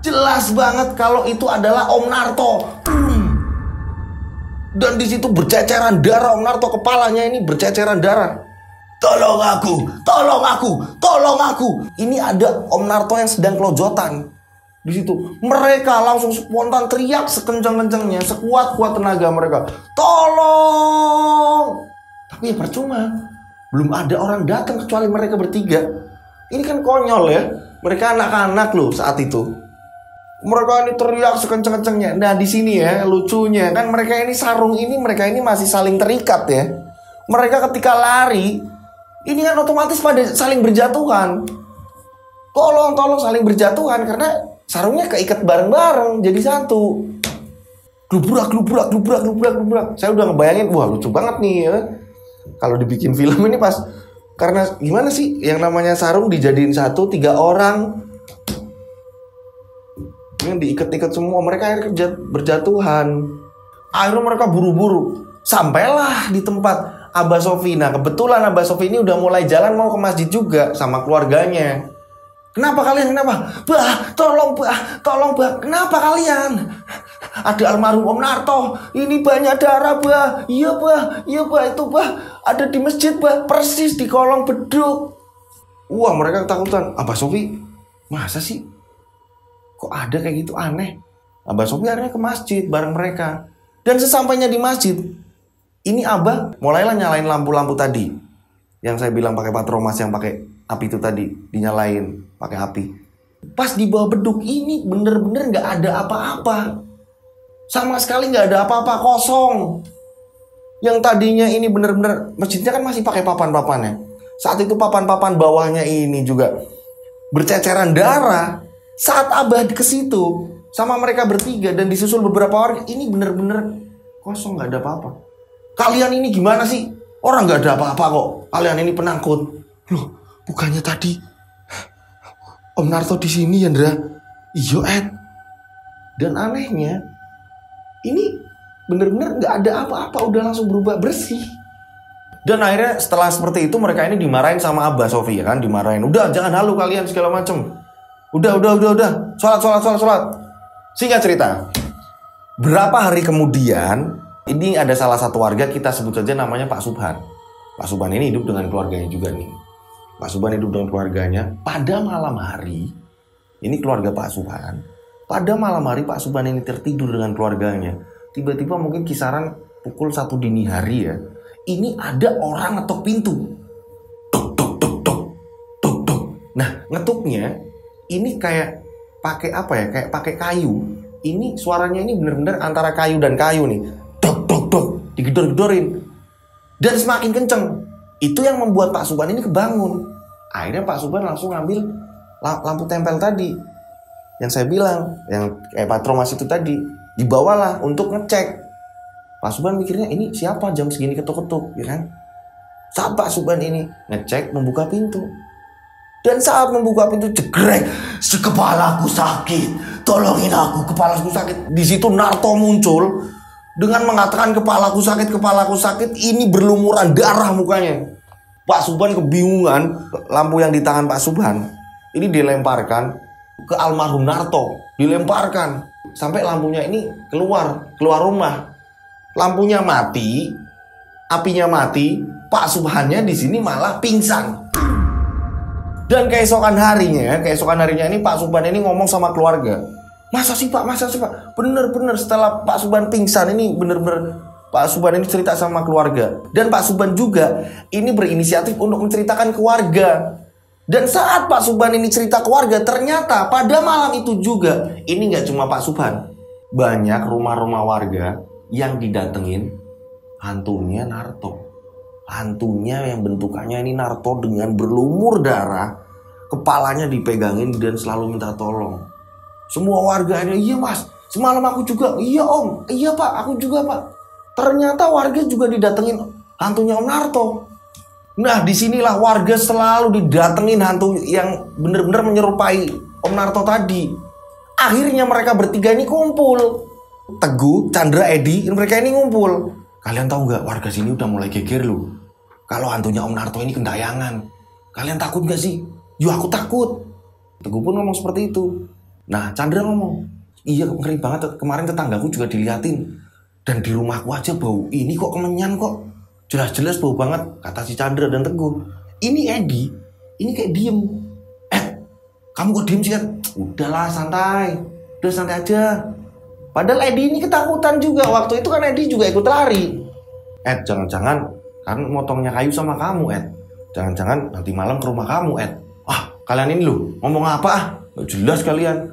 Jelas banget kalau itu adalah Om Narto dan di situ berceceran darah Om Narto kepalanya ini berceceran darah. Tolong aku, tolong aku, tolong aku. Ini ada Om Narto yang sedang kelojotan di situ. Mereka langsung spontan teriak sekencang-kencangnya, sekuat-kuat tenaga mereka. Tolong! Tapi ya percuma. Belum ada orang datang kecuali mereka bertiga. Ini kan konyol ya. Mereka anak-anak loh saat itu mereka ini teriak sekenceng-kencengnya. Nah di sini ya lucunya kan mereka ini sarung ini mereka ini masih saling terikat ya. Mereka ketika lari ini kan otomatis pada saling berjatuhan. Tolong tolong saling berjatuhan karena sarungnya keikat bareng-bareng jadi satu. Lubrak-lubrak-lubrak-lubrak-lubrak. Saya udah ngebayangin wah lucu banget nih ya. Kalau dibikin film ini pas karena gimana sih yang namanya sarung dijadiin satu tiga orang yang diikat-ikat semua mereka akhirnya berjatuhan akhirnya mereka buru-buru sampailah di tempat Abah Sofi nah kebetulan Abah Sofi ini udah mulai jalan mau ke masjid juga sama keluarganya Kenapa kalian? Kenapa? Bah, tolong bah, tolong bah. Kenapa kalian? Ada almarhum Om Narto. Ini banyak darah bah. Iya bah, iya bah itu bah. Ada di masjid bah, persis di kolong beduk. Wah mereka ketakutan. Abah Sofi, masa sih kok ada kayak gitu aneh Abah Sopi akhirnya ke masjid bareng mereka dan sesampainya di masjid ini Abah mulailah nyalain lampu-lampu tadi yang saya bilang pakai patromas yang pakai api itu tadi dinyalain pakai api pas di bawah beduk ini bener-bener nggak ada apa-apa sama sekali nggak ada apa-apa kosong yang tadinya ini bener-bener masjidnya kan masih pakai papan-papannya saat itu papan-papan bawahnya ini juga berceceran darah saat abah ke situ sama mereka bertiga dan disusul beberapa orang ini bener-bener kosong nggak ada apa-apa kalian ini gimana sih orang nggak ada apa-apa kok kalian ini penangkut. loh bukannya tadi Om Narto di sini Yandra iyo Ed dan anehnya ini bener-bener nggak -bener ada apa-apa udah langsung berubah bersih dan akhirnya setelah seperti itu mereka ini dimarahin sama Abah Sofi ya kan dimarahin udah jangan halu kalian segala macem Udah, udah, udah, udah. Sholat, sholat, sholat, sholat. Singkat cerita, berapa hari kemudian ini ada salah satu warga kita sebut saja namanya Pak Subhan. Pak Subhan ini hidup dengan keluarganya juga nih. Pak Subhan hidup dengan keluarganya. Pada malam hari, ini keluarga Pak Subhan. Pada malam hari Pak Subhan ini tertidur dengan keluarganya. Tiba-tiba mungkin kisaran pukul satu dini hari ya. Ini ada orang ngetok pintu. tuk tuk tuk tuk tuk tuk Nah, ngetuknya ini kayak pakai apa ya? Kayak pakai kayu. Ini suaranya ini bener-bener antara kayu dan kayu nih. Dok dok dok, digedor-gedorin. Dan semakin kenceng. Itu yang membuat Pak Suban ini kebangun. Akhirnya Pak Suban langsung ngambil lampu tempel tadi. Yang saya bilang, yang kayak patromas itu tadi, dibawalah untuk ngecek. Pak Suban mikirnya ini siapa jam segini ketuk-ketuk, ya kan? Siapa Suban ini? Ngecek, membuka pintu dan saat membuka pintu jegrek, sekepalaku sakit. Tolongin aku, kepalaku sakit. Di situ Narto muncul dengan mengatakan kepalaku sakit, kepalaku sakit. Ini berlumuran darah mukanya. Pak Subhan kebingungan, lampu yang di tangan Pak Subhan ini dilemparkan ke almarhum Narto, dilemparkan sampai lampunya ini keluar, keluar rumah. Lampunya mati, apinya mati, Pak Subhannya di sini malah pingsan. Dan keesokan harinya, keesokan harinya ini Pak Suban ini ngomong sama keluarga. Masa sih Pak, masa sih Pak? Bener-bener setelah Pak Suban pingsan ini bener-bener Pak Suban ini cerita sama keluarga. Dan Pak Suban juga ini berinisiatif untuk menceritakan keluarga. Dan saat Pak Suban ini cerita keluarga, ternyata pada malam itu juga, ini nggak cuma Pak Suban. Banyak rumah-rumah warga yang didatengin hantunya Narto. Hantunya yang bentukannya ini Narto dengan berlumur darah, kepalanya dipegangin dan selalu minta tolong. Semua warganya, iya mas, semalam aku juga, iya om, iya pak, aku juga pak. Ternyata warga juga didatengin hantunya Om Narto. Nah disinilah warga selalu didatengin hantu yang bener-bener menyerupai Om Narto tadi. Akhirnya mereka bertiga ini kumpul. Teguh, Chandra, Edi, mereka ini ngumpul. Kalian tahu nggak warga sini udah mulai geger lu Kalau hantunya Om Narto ini kendayangan. Kalian takut nggak sih? Yo aku takut. Teguh pun ngomong seperti itu. Nah Chandra ngomong, iya ngeri banget. Kemarin tetanggaku juga diliatin. Dan di rumahku aja bau ini kok kemenyan kok. Jelas-jelas bau banget, kata si Chandra dan Teguh. Ini Edi, ini kayak diem. Eh, kamu kok diem sih kan? Udahlah santai, udah santai aja Padahal Edi ini ketakutan juga. Waktu itu kan Edi juga ikut lari. Ed, jangan-jangan kan motongnya kayu sama kamu, Ed. Jangan-jangan nanti malam ke rumah kamu, Ed. Ah, kalian ini loh, ngomong apa ah? jelas kalian.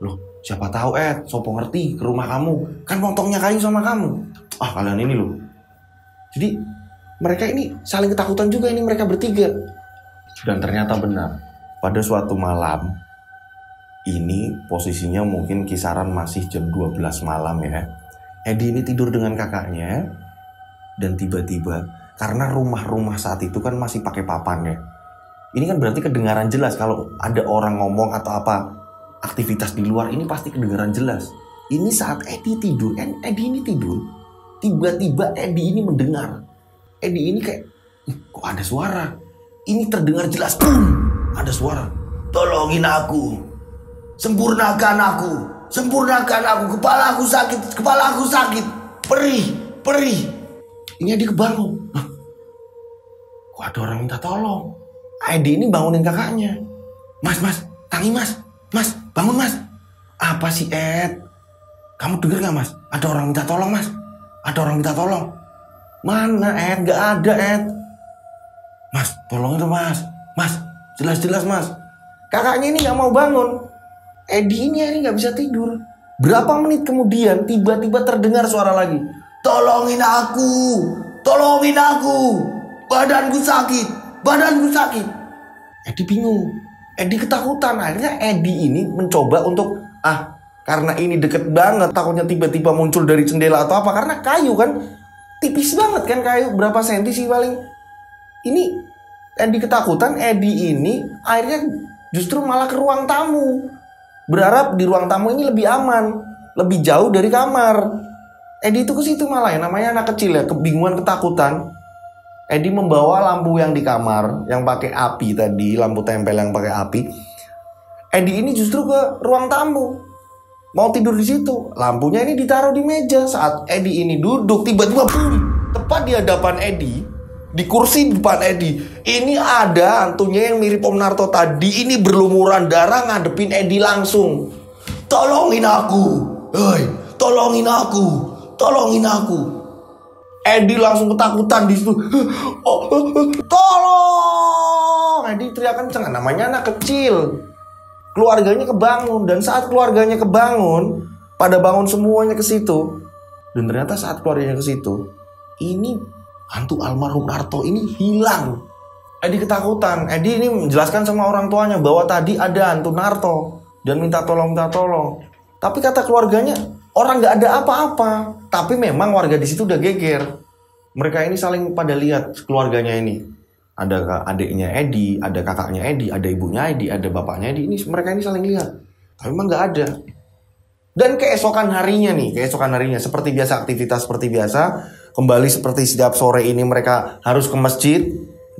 Loh, siapa tahu Ed, sopo ngerti ke rumah kamu. Kan motongnya kayu sama kamu. Ah, kalian ini loh. Jadi, mereka ini saling ketakutan juga ini mereka bertiga. Dan ternyata benar. Pada suatu malam, ini posisinya mungkin kisaran masih jam 12 malam ya. Edi ini tidur dengan kakaknya dan tiba-tiba karena rumah-rumah saat itu kan masih pakai papan ya. Ini kan berarti kedengaran jelas kalau ada orang ngomong atau apa aktivitas di luar ini pasti kedengaran jelas. Ini saat Edi tidur, kan Edi ini tidur, tiba-tiba Edi ini mendengar. Edi ini kayak, kok ada suara? Ini terdengar jelas, boom, ada suara. Tolongin aku, Sempurnakan aku, sempurnakan aku. Kepala aku sakit, kepala aku sakit. Perih, perih. Ini adik baru, Kok ada orang minta tolong? Adi ini bangunin kakaknya. Mas, mas, tangi mas. Mas, bangun mas. Apa sih Ed? Kamu dengar nggak mas? Ada orang minta tolong mas. Ada orang minta tolong. Mana Ed? Gak ada Ed. Mas, tolong itu mas. Mas, jelas-jelas mas. Kakaknya ini gak mau bangun. Edi ini nggak bisa tidur. Berapa menit kemudian tiba-tiba terdengar suara lagi. Tolongin aku, tolongin aku, badanku sakit, badanku sakit. Edi bingung, Edi ketakutan. Akhirnya Edi ini mencoba untuk ah karena ini deket banget takutnya tiba-tiba muncul dari jendela atau apa karena kayu kan tipis banget kan kayu berapa senti sih paling ini Edi ketakutan Edi ini akhirnya justru malah ke ruang tamu Berharap di ruang tamu ini lebih aman, lebih jauh dari kamar. Edi itu ke situ malah ya, namanya anak kecil ya, kebingungan, ketakutan. Edi membawa lampu yang di kamar, yang pakai api tadi, lampu tempel yang pakai api. Edi ini justru ke ruang tamu, mau tidur di situ. Lampunya ini ditaruh di meja. Saat Edi ini duduk, tiba-tiba boom, tepat di hadapan Edi, di kursi depan Edi. Ini ada hantunya yang mirip Om Narto tadi. Ini berlumuran darah ngadepin Edi langsung. Tolongin aku. Hei, tolongin aku. Tolongin aku. Edi langsung ketakutan di situ. Oh, tolong! Edi teriak kenceng. Namanya anak kecil. Keluarganya kebangun dan saat keluarganya kebangun, pada bangun semuanya ke situ. Dan ternyata saat keluarganya ke situ, ini hantu almarhum Narto ini hilang. Edi ketakutan. Edi ini menjelaskan sama orang tuanya bahwa tadi ada hantu Narto dan minta tolong minta tolong. Tapi kata keluarganya orang nggak ada apa-apa. Tapi memang warga di situ udah geger. Mereka ini saling pada lihat keluarganya ini. Ada adiknya Edi, ada kakaknya Edi, ada ibunya Edi, ada bapaknya Edi. Ini mereka ini saling lihat. Tapi memang nggak ada. Dan keesokan harinya nih, keesokan harinya seperti biasa aktivitas seperti biasa, kembali seperti setiap sore ini mereka harus ke masjid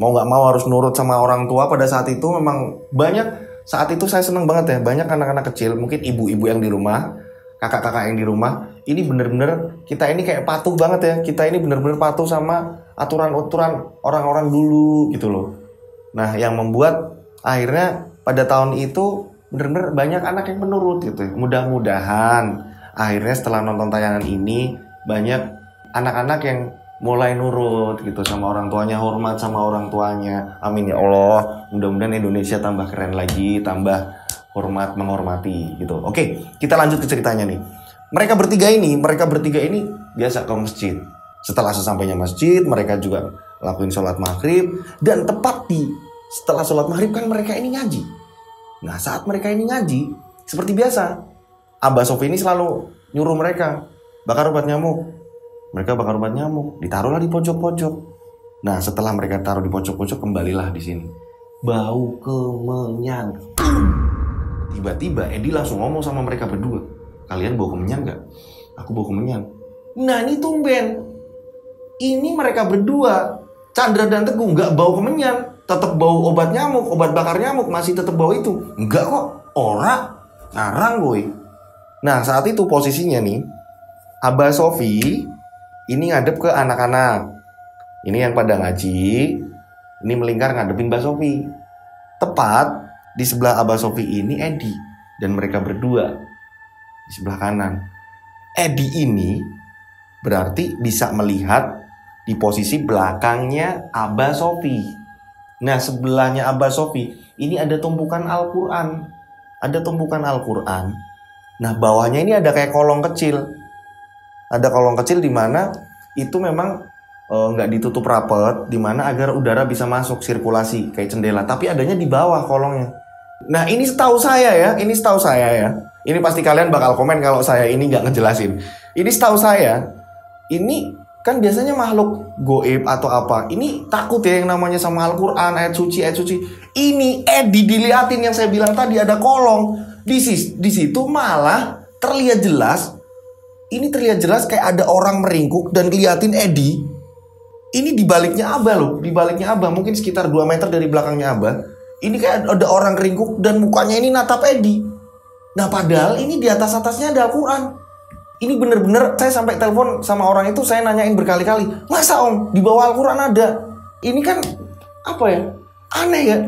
mau nggak mau harus nurut sama orang tua pada saat itu memang banyak saat itu saya seneng banget ya banyak anak-anak kecil mungkin ibu-ibu yang di rumah kakak-kakak yang di rumah ini bener-bener kita ini kayak patuh banget ya kita ini bener-bener patuh sama aturan-aturan orang-orang dulu gitu loh nah yang membuat akhirnya pada tahun itu bener-bener banyak anak yang menurut gitu ya. mudah-mudahan akhirnya setelah nonton tayangan ini banyak anak-anak yang mulai nurut gitu sama orang tuanya, hormat sama orang tuanya. Amin ya Allah. Mudah-mudahan Indonesia tambah keren lagi, tambah hormat menghormati gitu. Oke, kita lanjut ke ceritanya nih. Mereka bertiga ini, mereka bertiga ini biasa ke masjid. Setelah sesampainya masjid, mereka juga lakuin sholat maghrib dan tepat di setelah sholat maghrib kan mereka ini ngaji. Nah saat mereka ini ngaji, seperti biasa, Abah Sofi ini selalu nyuruh mereka bakar obat nyamuk, mereka bakar obat nyamuk ditaruhlah di pojok-pojok nah setelah mereka taruh di pojok-pojok kembalilah di sini bau kemenyan tiba-tiba Edi langsung ngomong sama mereka berdua kalian bau kemenyan nggak aku bau kemenyan nah ini tumben ini mereka berdua Chandra dan Teguh nggak bau kemenyan tetap bau obat nyamuk obat bakar nyamuk masih tetap bau itu nggak kok ora ngarang gue nah saat itu posisinya nih Abah Sofi ini ngadep ke anak-anak. Ini yang pada ngaji, ini melingkar ngadepin Mbak Sofi. Tepat di sebelah Abah Sofi ini Edi dan mereka berdua di sebelah kanan. Edi ini berarti bisa melihat di posisi belakangnya Abah Sofi. Nah, sebelahnya Abah Sofi ini ada tumpukan Al-Qur'an. Ada tumpukan Al-Qur'an. Nah, bawahnya ini ada kayak kolong kecil ada kolong kecil di mana itu memang eh, nggak e, ditutup rapet, di mana agar udara bisa masuk sirkulasi kayak jendela. Tapi adanya di bawah kolongnya. Nah ini setahu saya ya, ini setahu saya ya. Ini pasti kalian bakal komen kalau saya ini nggak ngejelasin. Ini setahu saya, ini kan biasanya makhluk goib atau apa ini takut ya yang namanya sama Al-Quran ayat suci ayat suci ini eh diliatin yang saya bilang tadi ada kolong di, di situ malah terlihat jelas ini terlihat jelas kayak ada orang meringkuk dan keliatin Edi. Ini dibaliknya Abah loh, dibaliknya Abah mungkin sekitar 2 meter dari belakangnya Abah. Ini kayak ada orang keringkuk dan mukanya ini natap Edi. Nah padahal ini di atas atasnya ada Al-Quran. Ini bener-bener saya sampai telepon sama orang itu saya nanyain berkali-kali. Masa om di bawah Al-Quran ada? Ini kan apa ya? Aneh ya?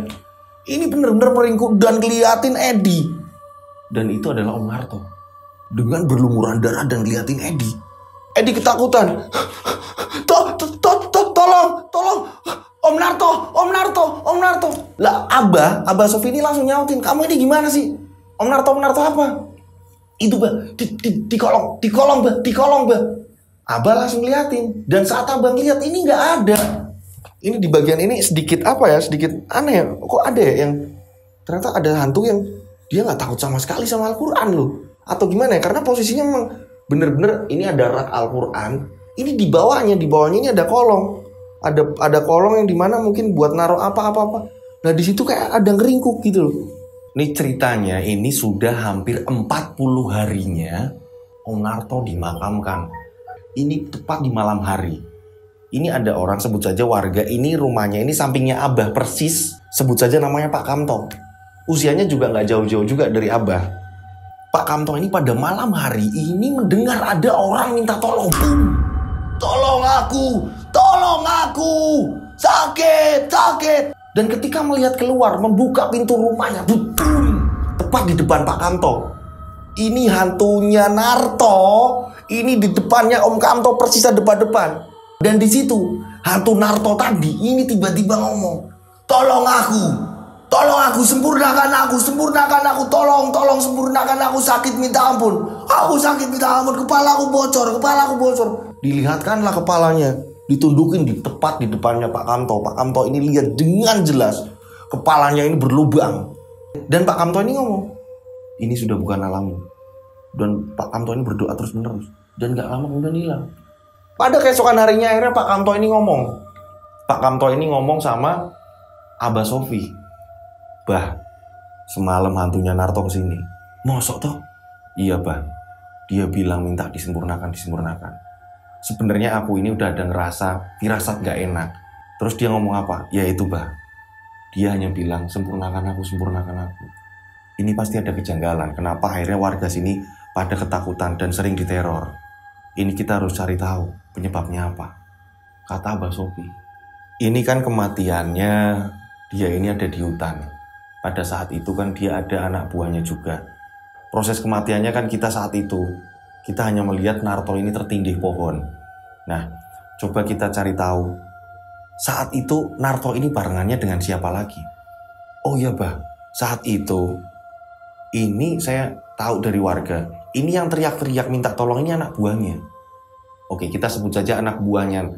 Ini bener-bener meringkuk dan keliatin Edi. Dan itu adalah Om Harto dengan berlumuran darah dan liatin Edi. Edi ketakutan. To, to, to, to, tolong, tolong. Om Narto, Om Narto, Om Narto. Lah Abah, Abah Sofi ini langsung nyautin. Kamu ini gimana sih? Om Narto, Om Narto apa? Itu bah, di, di, di kolong, di kolong bah, di kolong bah. Abah langsung liatin. Dan saat Abah ngeliat ini nggak ada. Ini di bagian ini sedikit apa ya, sedikit aneh ya. Kok ada ya yang ternyata ada hantu yang dia nggak takut sama sekali sama Al-Quran loh atau gimana ya karena posisinya memang bener-bener ini ada rak Al-Quran ini di bawahnya di bawahnya ini ada kolong ada ada kolong yang dimana mungkin buat naruh apa-apa apa nah di situ kayak ada ngeringkuk gitu loh ini ceritanya ini sudah hampir 40 harinya Om Narto dimakamkan ini tepat di malam hari ini ada orang sebut saja warga ini rumahnya ini sampingnya Abah persis sebut saja namanya Pak Kamto usianya juga nggak jauh-jauh juga dari Abah Pak Kamto ini pada malam hari ini mendengar ada orang minta tolong. Boom. Tolong aku, tolong aku, sakit, sakit. Dan ketika melihat keluar, membuka pintu rumahnya, boom, tepat di depan Pak Kamto. Ini hantunya Narto, ini di depannya Om Kamto persis depan-depan. Dan di situ hantu Narto tadi ini tiba-tiba ngomong, tolong aku, Tolong aku, sempurnakan aku, sempurnakan aku, tolong, tolong, sempurnakan aku, sakit minta ampun. Aku sakit minta ampun, kepala aku bocor, kepala aku bocor. Dilihatkanlah kepalanya, ditundukin di tepat di depannya Pak Kamto. Pak Kamto ini lihat dengan jelas, kepalanya ini berlubang. Dan Pak Kamto ini ngomong, ini sudah bukan alami. Dan Pak Kamto ini berdoa terus menerus. Dan gak lama kemudian hilang. Pada keesokan harinya akhirnya Pak Kamto ini ngomong. Pak Kamto ini ngomong sama Abah Sofi Bah, semalam hantunya Narto kesini. Mosok toh? Iya, Bah. Dia bilang minta disempurnakan, disempurnakan. Sebenarnya aku ini udah ada ngerasa firasat gak enak. Terus dia ngomong apa? Ya itu, Bah. Dia hanya bilang, sempurnakan aku, sempurnakan aku. Ini pasti ada kejanggalan. Kenapa akhirnya warga sini pada ketakutan dan sering diteror? Ini kita harus cari tahu penyebabnya apa. Kata Abah Sopi. Ini kan kematiannya dia ini ada di hutan pada saat itu kan dia ada anak buahnya juga. Proses kematiannya kan kita saat itu, kita hanya melihat Naruto ini tertindih pohon. Nah, coba kita cari tahu, saat itu Naruto ini barengannya dengan siapa lagi? Oh iya bah, saat itu, ini saya tahu dari warga, ini yang teriak-teriak minta tolong ini anak buahnya. Oke, kita sebut saja anak buahnya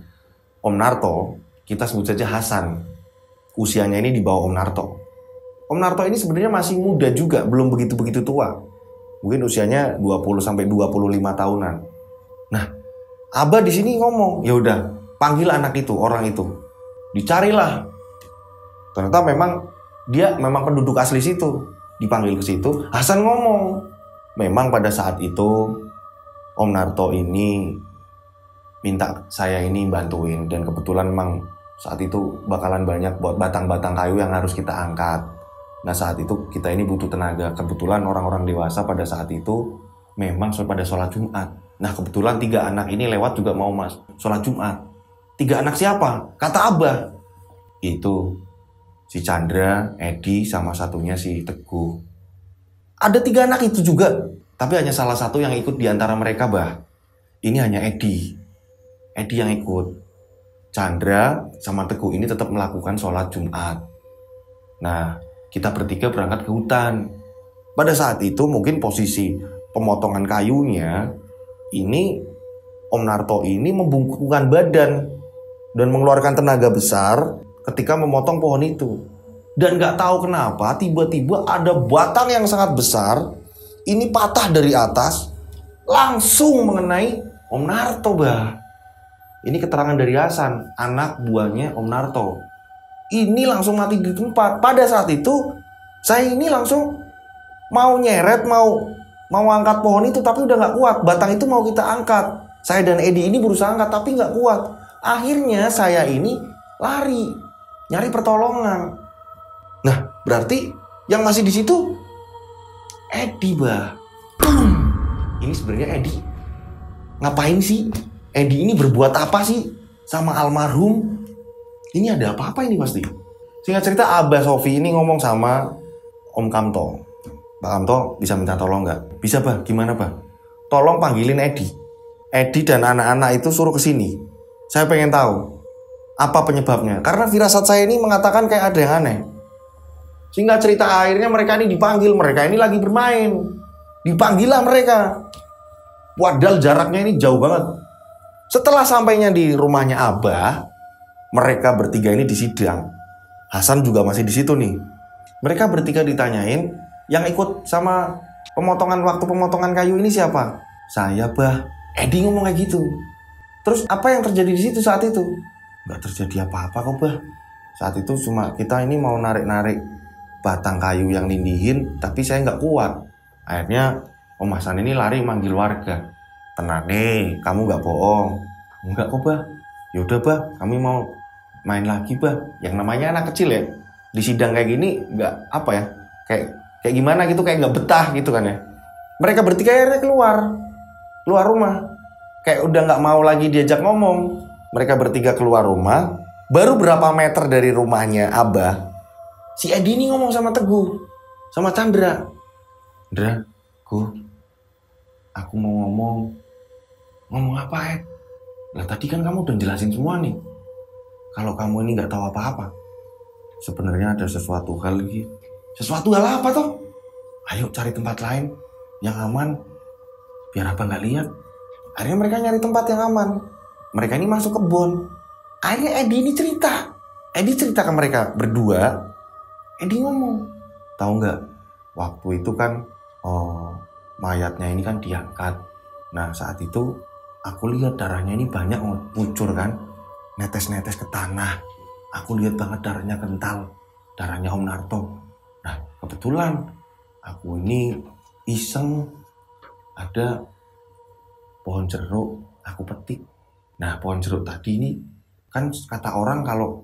Om Naruto, kita sebut saja Hasan. Usianya ini di bawah Om Naruto, Om Narto ini sebenarnya masih muda juga, belum begitu-begitu tua. Mungkin usianya 20 sampai 25 tahunan. Nah, Abah di sini ngomong, ya udah, panggil anak itu, orang itu. Dicarilah. Ternyata memang dia memang penduduk asli situ. Dipanggil ke situ, Hasan ngomong. Memang pada saat itu Om Narto ini minta saya ini bantuin dan kebetulan memang saat itu bakalan banyak buat batang-batang kayu yang harus kita angkat Nah saat itu kita ini butuh tenaga. Kebetulan orang-orang dewasa pada saat itu memang pada sholat Jumat. Nah kebetulan tiga anak ini lewat juga mau mas sholat Jumat. Tiga anak siapa? Kata Abah. Itu si Chandra, Edi, sama satunya si Teguh. Ada tiga anak itu juga. Tapi hanya salah satu yang ikut di antara mereka, Bah. Ini hanya Edi. Edi yang ikut. Chandra sama Teguh ini tetap melakukan sholat Jumat. Nah, kita bertiga berangkat ke hutan. Pada saat itu mungkin posisi pemotongan kayunya ini Om Narto ini membungkukkan badan dan mengeluarkan tenaga besar ketika memotong pohon itu. Dan nggak tahu kenapa tiba-tiba ada batang yang sangat besar ini patah dari atas langsung mengenai Om Narto bah. Ini keterangan dari Hasan, anak buahnya Om Narto ini langsung mati di tempat. Pada saat itu saya ini langsung mau nyeret, mau mau angkat pohon itu tapi udah nggak kuat. Batang itu mau kita angkat. Saya dan Edi ini berusaha angkat tapi nggak kuat. Akhirnya saya ini lari nyari pertolongan. Nah, berarti yang masih di situ Edi, bah. Ini sebenarnya Edi ngapain sih? Edi ini berbuat apa sih sama almarhum? ini ada apa-apa ini pasti. Singkat cerita, Abah Sofi ini ngomong sama Om Kamto. Pak Kamto bisa minta tolong nggak? Bisa, Bah. Gimana, Bah? Tolong panggilin Edi. Edi dan anak-anak itu suruh ke sini. Saya pengen tahu apa penyebabnya. Karena firasat saya ini mengatakan kayak ada yang aneh. Singkat cerita, akhirnya mereka ini dipanggil. Mereka ini lagi bermain. Dipanggillah mereka. Wadal jaraknya ini jauh banget. Setelah sampainya di rumahnya Abah, mereka bertiga ini disidang. Hasan juga masih di situ nih. Mereka bertiga ditanyain, yang ikut sama pemotongan waktu pemotongan kayu ini siapa? Saya, Bah. Edi ngomong kayak gitu. Terus apa yang terjadi di situ saat itu? Gak terjadi apa-apa kok, Bah. Saat itu cuma kita ini mau narik-narik batang kayu yang lindihin, tapi saya nggak kuat. Akhirnya Om Hasan ini lari manggil warga. Tenang deh, kamu nggak bohong. Enggak kok, Bah. Yaudah, Bah, kami mau main lagi bah yang namanya anak kecil ya di sidang kayak gini nggak apa ya kayak kayak gimana gitu kayak nggak betah gitu kan ya mereka bertiga akhirnya keluar keluar rumah kayak udah nggak mau lagi diajak ngomong mereka bertiga keluar rumah baru berapa meter dari rumahnya abah si Edi ini ngomong sama Teguh sama Chandra Chandra ku, aku mau ngomong ngomong apa ya lah tadi kan kamu udah jelasin semua nih kalau kamu ini nggak tahu apa-apa. Sebenarnya ada sesuatu hal lagi. Sesuatu hal apa toh? Ayo cari tempat lain yang aman. Biar apa nggak lihat. Akhirnya mereka nyari tempat yang aman. Mereka ini masuk kebun. Akhirnya Edi ini cerita. Edi cerita ke mereka berdua. Edi ngomong. Tahu nggak? Waktu itu kan oh, mayatnya ini kan diangkat. Nah saat itu aku lihat darahnya ini banyak muncul kan netes-netes ke tanah. Aku lihat banget darahnya kental, darahnya Om Narto. Nah, kebetulan aku ini iseng ada pohon jeruk aku petik. Nah, pohon jeruk tadi ini kan kata orang kalau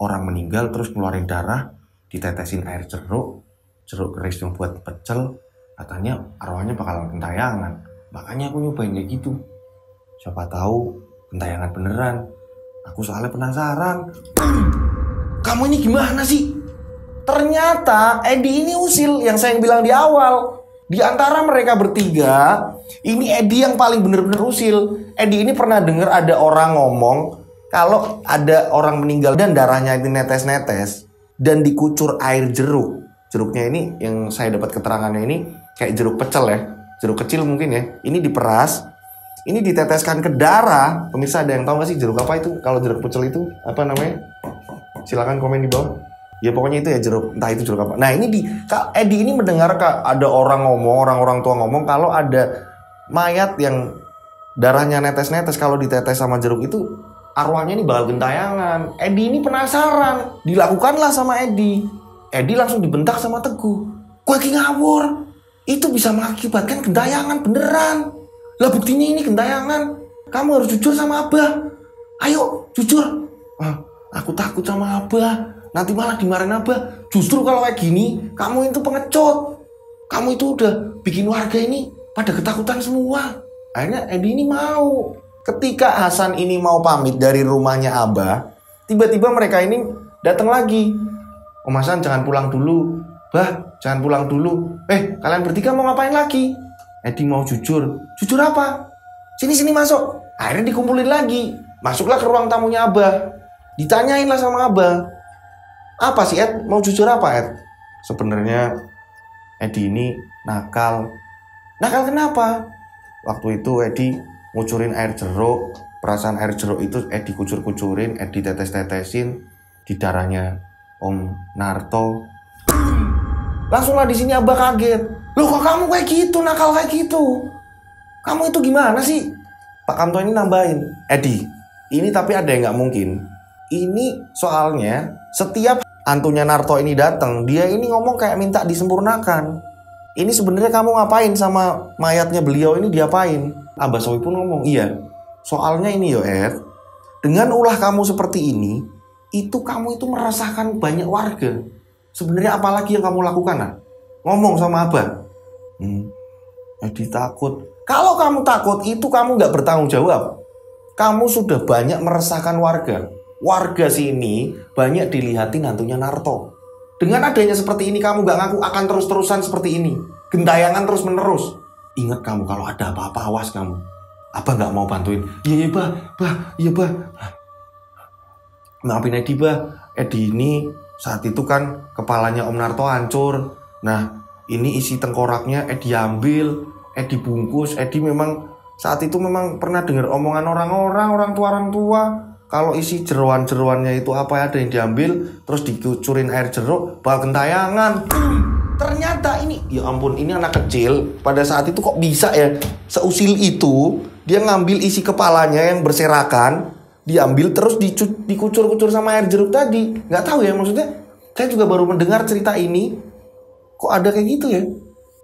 orang meninggal terus ngeluarin darah, ditetesin air jeruk, jeruk keris yang buat pecel, katanya arwahnya bakalan kentayangan. Makanya aku nyobain kayak gitu. Siapa tahu kentayangan beneran. Aku soalnya penasaran. Kamu ini gimana sih? Ternyata Edi ini usil yang saya bilang di awal. Di antara mereka bertiga, ini Edi yang paling bener-bener usil. Edi ini pernah dengar ada orang ngomong kalau ada orang meninggal dan darahnya itu netes-netes dan dikucur air jeruk. Jeruknya ini yang saya dapat keterangannya ini kayak jeruk pecel ya, jeruk kecil mungkin ya. Ini diperas, ini diteteskan ke darah pemirsa ada yang tahu nggak sih jeruk apa itu kalau jeruk pucel itu apa namanya silakan komen di bawah ya pokoknya itu ya jeruk entah itu jeruk apa nah ini di kak Edi eh, ini mendengar kak ada orang ngomong orang-orang tua ngomong kalau ada mayat yang darahnya netes-netes kalau ditetes sama jeruk itu arwahnya ini bakal gentayangan Edi ini penasaran dilakukanlah sama Edi Edi langsung dibentak sama Teguh gue ngawur itu bisa mengakibatkan gentayangan beneran lah buktinya ini gentayangan. Kamu harus jujur sama Abah. Ayo, jujur. Ah, aku takut sama Abah. Nanti malah dimarahin Abah. Justru kalau kayak gini, kamu itu pengecut. Kamu itu udah bikin warga ini pada ketakutan semua. Akhirnya Edi ini mau. Ketika Hasan ini mau pamit dari rumahnya Abah, tiba-tiba mereka ini datang lagi. Om Hasan jangan pulang dulu. Bah, jangan pulang dulu. Eh, kalian bertiga mau ngapain lagi? Edi mau jujur. Jujur apa? Sini sini masuk. Akhirnya dikumpulin lagi. Masuklah ke ruang tamunya Abah. Ditanyainlah sama Abah. Apa sih Ed? Mau jujur apa Ed? Sebenarnya Edi ini nakal. Nakal kenapa? Waktu itu Edi ngucurin air jeruk. Perasaan air jeruk itu Edi kucur-kucurin, Edi tetes-tetesin di darahnya Om Narto. Langsunglah di sini Abah kaget Loh kok kamu kayak gitu, nakal kayak gitu? Kamu itu gimana sih? Pak Kanto ini nambahin, Edi, ini tapi ada yang nggak mungkin. Ini soalnya setiap antunya Narto ini datang, dia ini ngomong kayak minta disempurnakan. Ini sebenarnya kamu ngapain sama mayatnya beliau ini diapain? Ah, Sowi pun ngomong, iya. Soalnya ini yo Ed, er, dengan ulah kamu seperti ini, itu kamu itu merasakan banyak warga. Sebenarnya apalagi yang kamu lakukan, nah? ngomong sama abang hmm, jadi takut kalau kamu takut itu kamu nggak bertanggung jawab kamu sudah banyak meresahkan warga warga sini banyak dilihatin hantunya Narto dengan adanya seperti ini kamu nggak ngaku akan terus-terusan seperti ini gentayangan terus-menerus ingat kamu kalau ada apa-apa awas kamu Apa nggak mau bantuin iya iya bah bah iya bah maafin Edi bah Edi ini saat itu kan kepalanya Om Narto hancur Nah, ini isi tengkoraknya eh diambil, eh dibungkus, eh di memang saat itu memang pernah dengar omongan orang-orang, orang tua orang tua kalau isi jeruan-jeruannya itu apa ya ada yang diambil terus dicucurin air jeruk Bawa kentayangan ternyata ini ya ampun ini anak kecil pada saat itu kok bisa ya seusil itu dia ngambil isi kepalanya yang berserakan diambil terus dikucur-kucur sama air jeruk tadi nggak tahu ya maksudnya saya juga baru mendengar cerita ini kok ada kayak gitu ya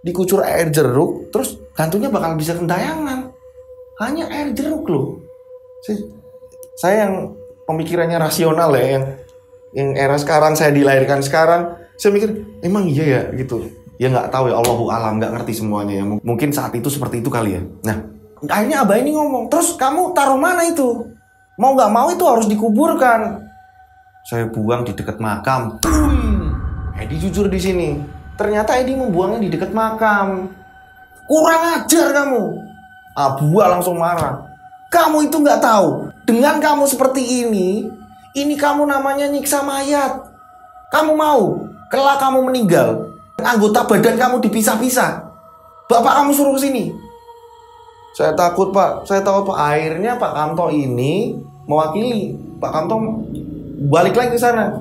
dikucur air jeruk terus hantunya bakal bisa kentayangan hanya air jeruk loh saya, yang pemikirannya rasional ya yang yang era sekarang saya dilahirkan sekarang saya mikir emang iya ya gitu ya nggak tahu ya Allahu alam nggak ngerti semuanya ya mungkin saat itu seperti itu kali ya nah akhirnya abah ini ngomong terus kamu taruh mana itu mau nggak mau itu harus dikuburkan saya buang di dekat makam Boom! Edi jujur di sini Ternyata Edi membuangnya di dekat makam. Kurang ajar kamu. Abua langsung marah. Kamu itu nggak tahu. Dengan kamu seperti ini, ini kamu namanya nyiksa mayat. Kamu mau, kelak kamu meninggal. Anggota badan kamu dipisah-pisah. Bapak kamu suruh ke sini. Saya takut pak, saya tahu pak. airnya Pak Kanto ini mewakili. Pak Kanto balik lagi ke sana.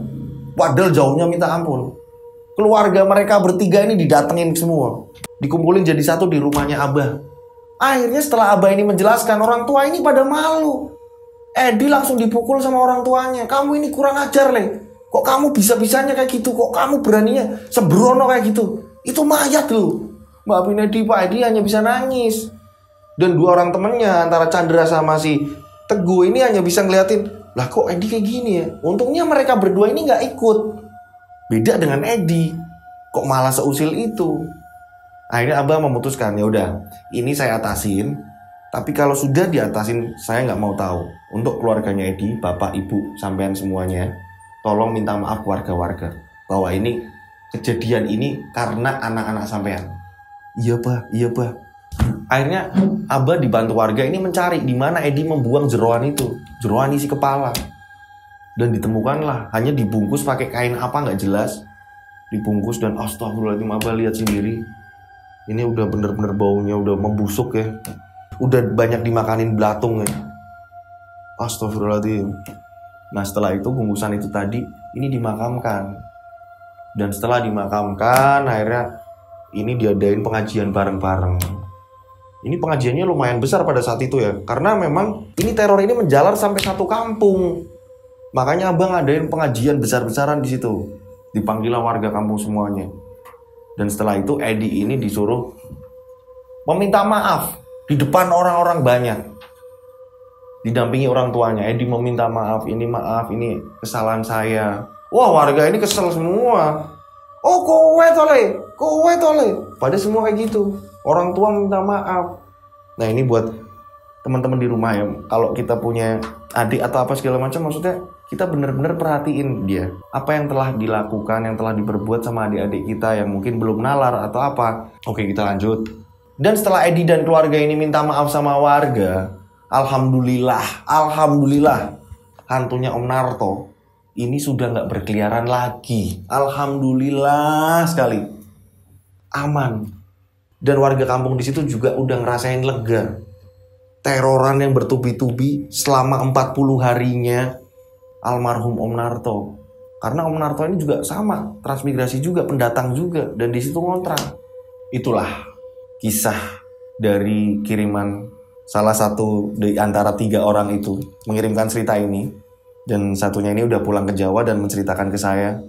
Padahal jauhnya minta ampun keluarga mereka bertiga ini didatengin semua. Dikumpulin jadi satu di rumahnya Abah. Akhirnya setelah Abah ini menjelaskan, orang tua ini pada malu. Edi langsung dipukul sama orang tuanya. Kamu ini kurang ajar, leh. Kok kamu bisa-bisanya kayak gitu? Kok kamu beraninya sebrono kayak gitu? Itu mayat loh. Mbak Pinedi, Pak Edi hanya bisa nangis. Dan dua orang temennya antara Chandra sama si Teguh ini hanya bisa ngeliatin. Lah kok Edi kayak gini ya? Untungnya mereka berdua ini nggak ikut Beda dengan Edi. Kok malah seusil itu? Akhirnya Abah memutuskan, ya udah, ini saya atasin. Tapi kalau sudah diatasin, saya nggak mau tahu. Untuk keluarganya Edi, bapak, ibu, sampean semuanya, tolong minta maaf warga-warga bahwa ini kejadian ini karena anak-anak sampean. Iya pak, iya pak. Akhirnya Abah dibantu warga ini mencari di mana Edi membuang jeroan itu, jeroan isi kepala dan ditemukanlah hanya dibungkus pakai kain apa nggak jelas dibungkus dan astagfirullahaladzim abah lihat sendiri ini udah bener-bener baunya udah membusuk ya udah banyak dimakanin belatung ya astagfirullahaladzim nah setelah itu bungkusan itu tadi ini dimakamkan dan setelah dimakamkan akhirnya ini diadain pengajian bareng-bareng ini pengajiannya lumayan besar pada saat itu ya karena memang ini teror ini menjalar sampai satu kampung Makanya abang ngadain pengajian besar-besaran di situ. dipanggilah warga kampung semuanya. Dan setelah itu Edi ini disuruh meminta maaf di depan orang-orang banyak. Didampingi orang tuanya, Edi meminta maaf, ini maaf, ini kesalahan saya. Wah warga ini kesel semua. Oh kowe tole, kowe tole. Pada semua kayak gitu. Orang tua minta maaf. Nah ini buat teman-teman di rumah ya. Kalau kita punya adik atau apa segala macam, maksudnya kita benar-benar perhatiin dia apa yang telah dilakukan yang telah diperbuat sama adik-adik kita yang mungkin belum nalar atau apa oke kita lanjut dan setelah Edi dan keluarga ini minta maaf sama warga alhamdulillah alhamdulillah hantunya Om Narto ini sudah nggak berkeliaran lagi alhamdulillah sekali aman dan warga kampung di situ juga udah ngerasain lega teroran yang bertubi-tubi selama 40 harinya almarhum Om Narto karena Om Narto ini juga sama transmigrasi juga pendatang juga dan di situ ngontrak itulah kisah dari kiriman salah satu di antara tiga orang itu mengirimkan cerita ini dan satunya ini udah pulang ke Jawa dan menceritakan ke saya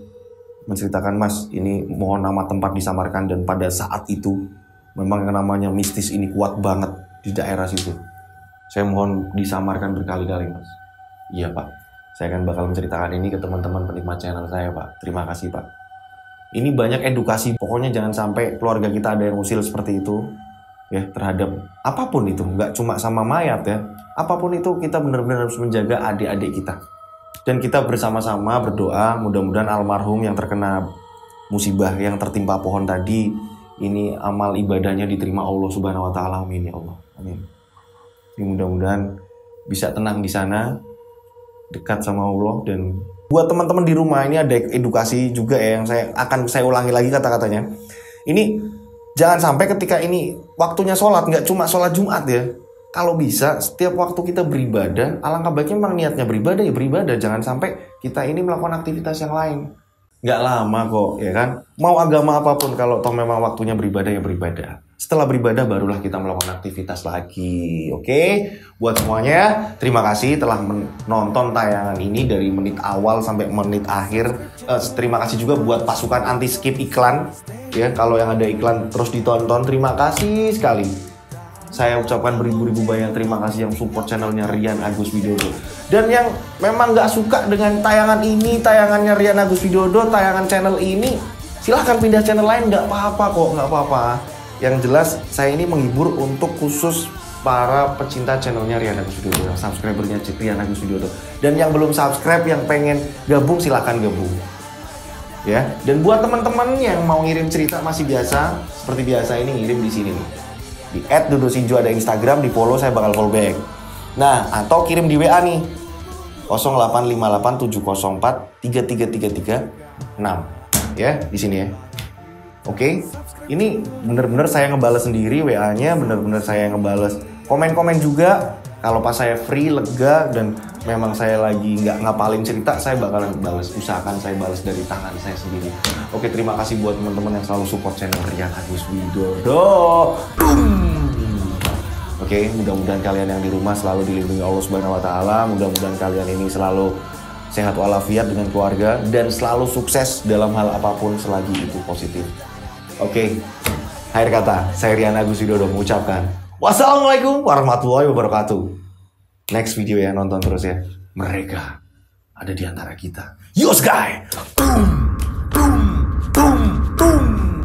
menceritakan Mas ini mohon nama tempat disamarkan dan pada saat itu memang yang namanya mistis ini kuat banget di daerah situ saya mohon disamarkan berkali-kali Mas iya Pak saya akan bakal menceritakan ini ke teman-teman penikmat channel saya, Pak. Terima kasih, Pak. Ini banyak edukasi, pokoknya jangan sampai keluarga kita ada yang usil seperti itu ya terhadap apapun itu, nggak cuma sama mayat ya. Apapun itu kita benar-benar harus menjaga adik-adik kita. Dan kita bersama-sama berdoa mudah-mudahan almarhum yang terkena musibah yang tertimpa pohon tadi ini amal ibadahnya diterima Allah Subhanahu wa taala. Amin ya Allah. Amin. Mudah-mudahan bisa tenang di sana dekat sama Allah dan buat teman-teman di rumah ini ada edukasi juga ya yang saya akan saya ulangi lagi kata-katanya. Ini jangan sampai ketika ini waktunya sholat nggak cuma sholat Jumat ya. Kalau bisa setiap waktu kita beribadah, alangkah baiknya memang niatnya beribadah ya beribadah. Jangan sampai kita ini melakukan aktivitas yang lain. Nggak lama kok ya kan. Mau agama apapun kalau toh memang waktunya beribadah ya beribadah. Setelah beribadah barulah kita melakukan aktivitas lagi. Oke, okay? buat semuanya ya, terima kasih telah menonton tayangan ini dari menit awal sampai menit akhir. Uh, terima kasih juga buat pasukan anti skip iklan. Ya, kalau yang ada iklan terus ditonton terima kasih sekali. Saya ucapkan beribu-ribu banyak terima kasih yang support channelnya Rian Agus Widodo. Dan yang memang nggak suka dengan tayangan ini, tayangannya Rian Agus Widodo, tayangan channel ini, silahkan pindah channel lain, nggak apa-apa kok, nggak apa-apa yang jelas saya ini menghibur untuk khusus para pecinta channelnya Riana Gusudiodo yang subscribernya Riana Gusudiodo dan yang belum subscribe yang pengen gabung silahkan gabung ya dan buat teman-teman yang mau ngirim cerita masih biasa seperti biasa ini ngirim di sini nih di @dudusinjo ada Instagram di follow saya bakal follow back nah atau kirim di WA nih 085870433336, ya di sini ya Oke, okay? ini bener-bener saya ngebales sendiri WA-nya, bener-bener saya ngebales komen-komen juga. Kalau pas saya free, lega dan memang saya lagi nggak ngapalin cerita, saya bakalan balas. Usahakan saya balas dari tangan saya sendiri. Oke, okay, terima kasih buat teman-teman yang selalu support channel Rian Agus Widodo. Oke, okay, mudah-mudahan kalian yang di rumah selalu dilindungi Allah Subhanahu wa taala. Mudah-mudahan kalian ini selalu sehat walafiat dengan keluarga dan selalu sukses dalam hal apapun selagi itu positif. Oke, okay. akhir kata, saya Rian Agus Widodo mengucapkan Wassalamualaikum warahmatullahi wabarakatuh. Next video ya, nonton terus ya. Mereka ada di antara kita. Yos guys! Boom, boom, boom, boom.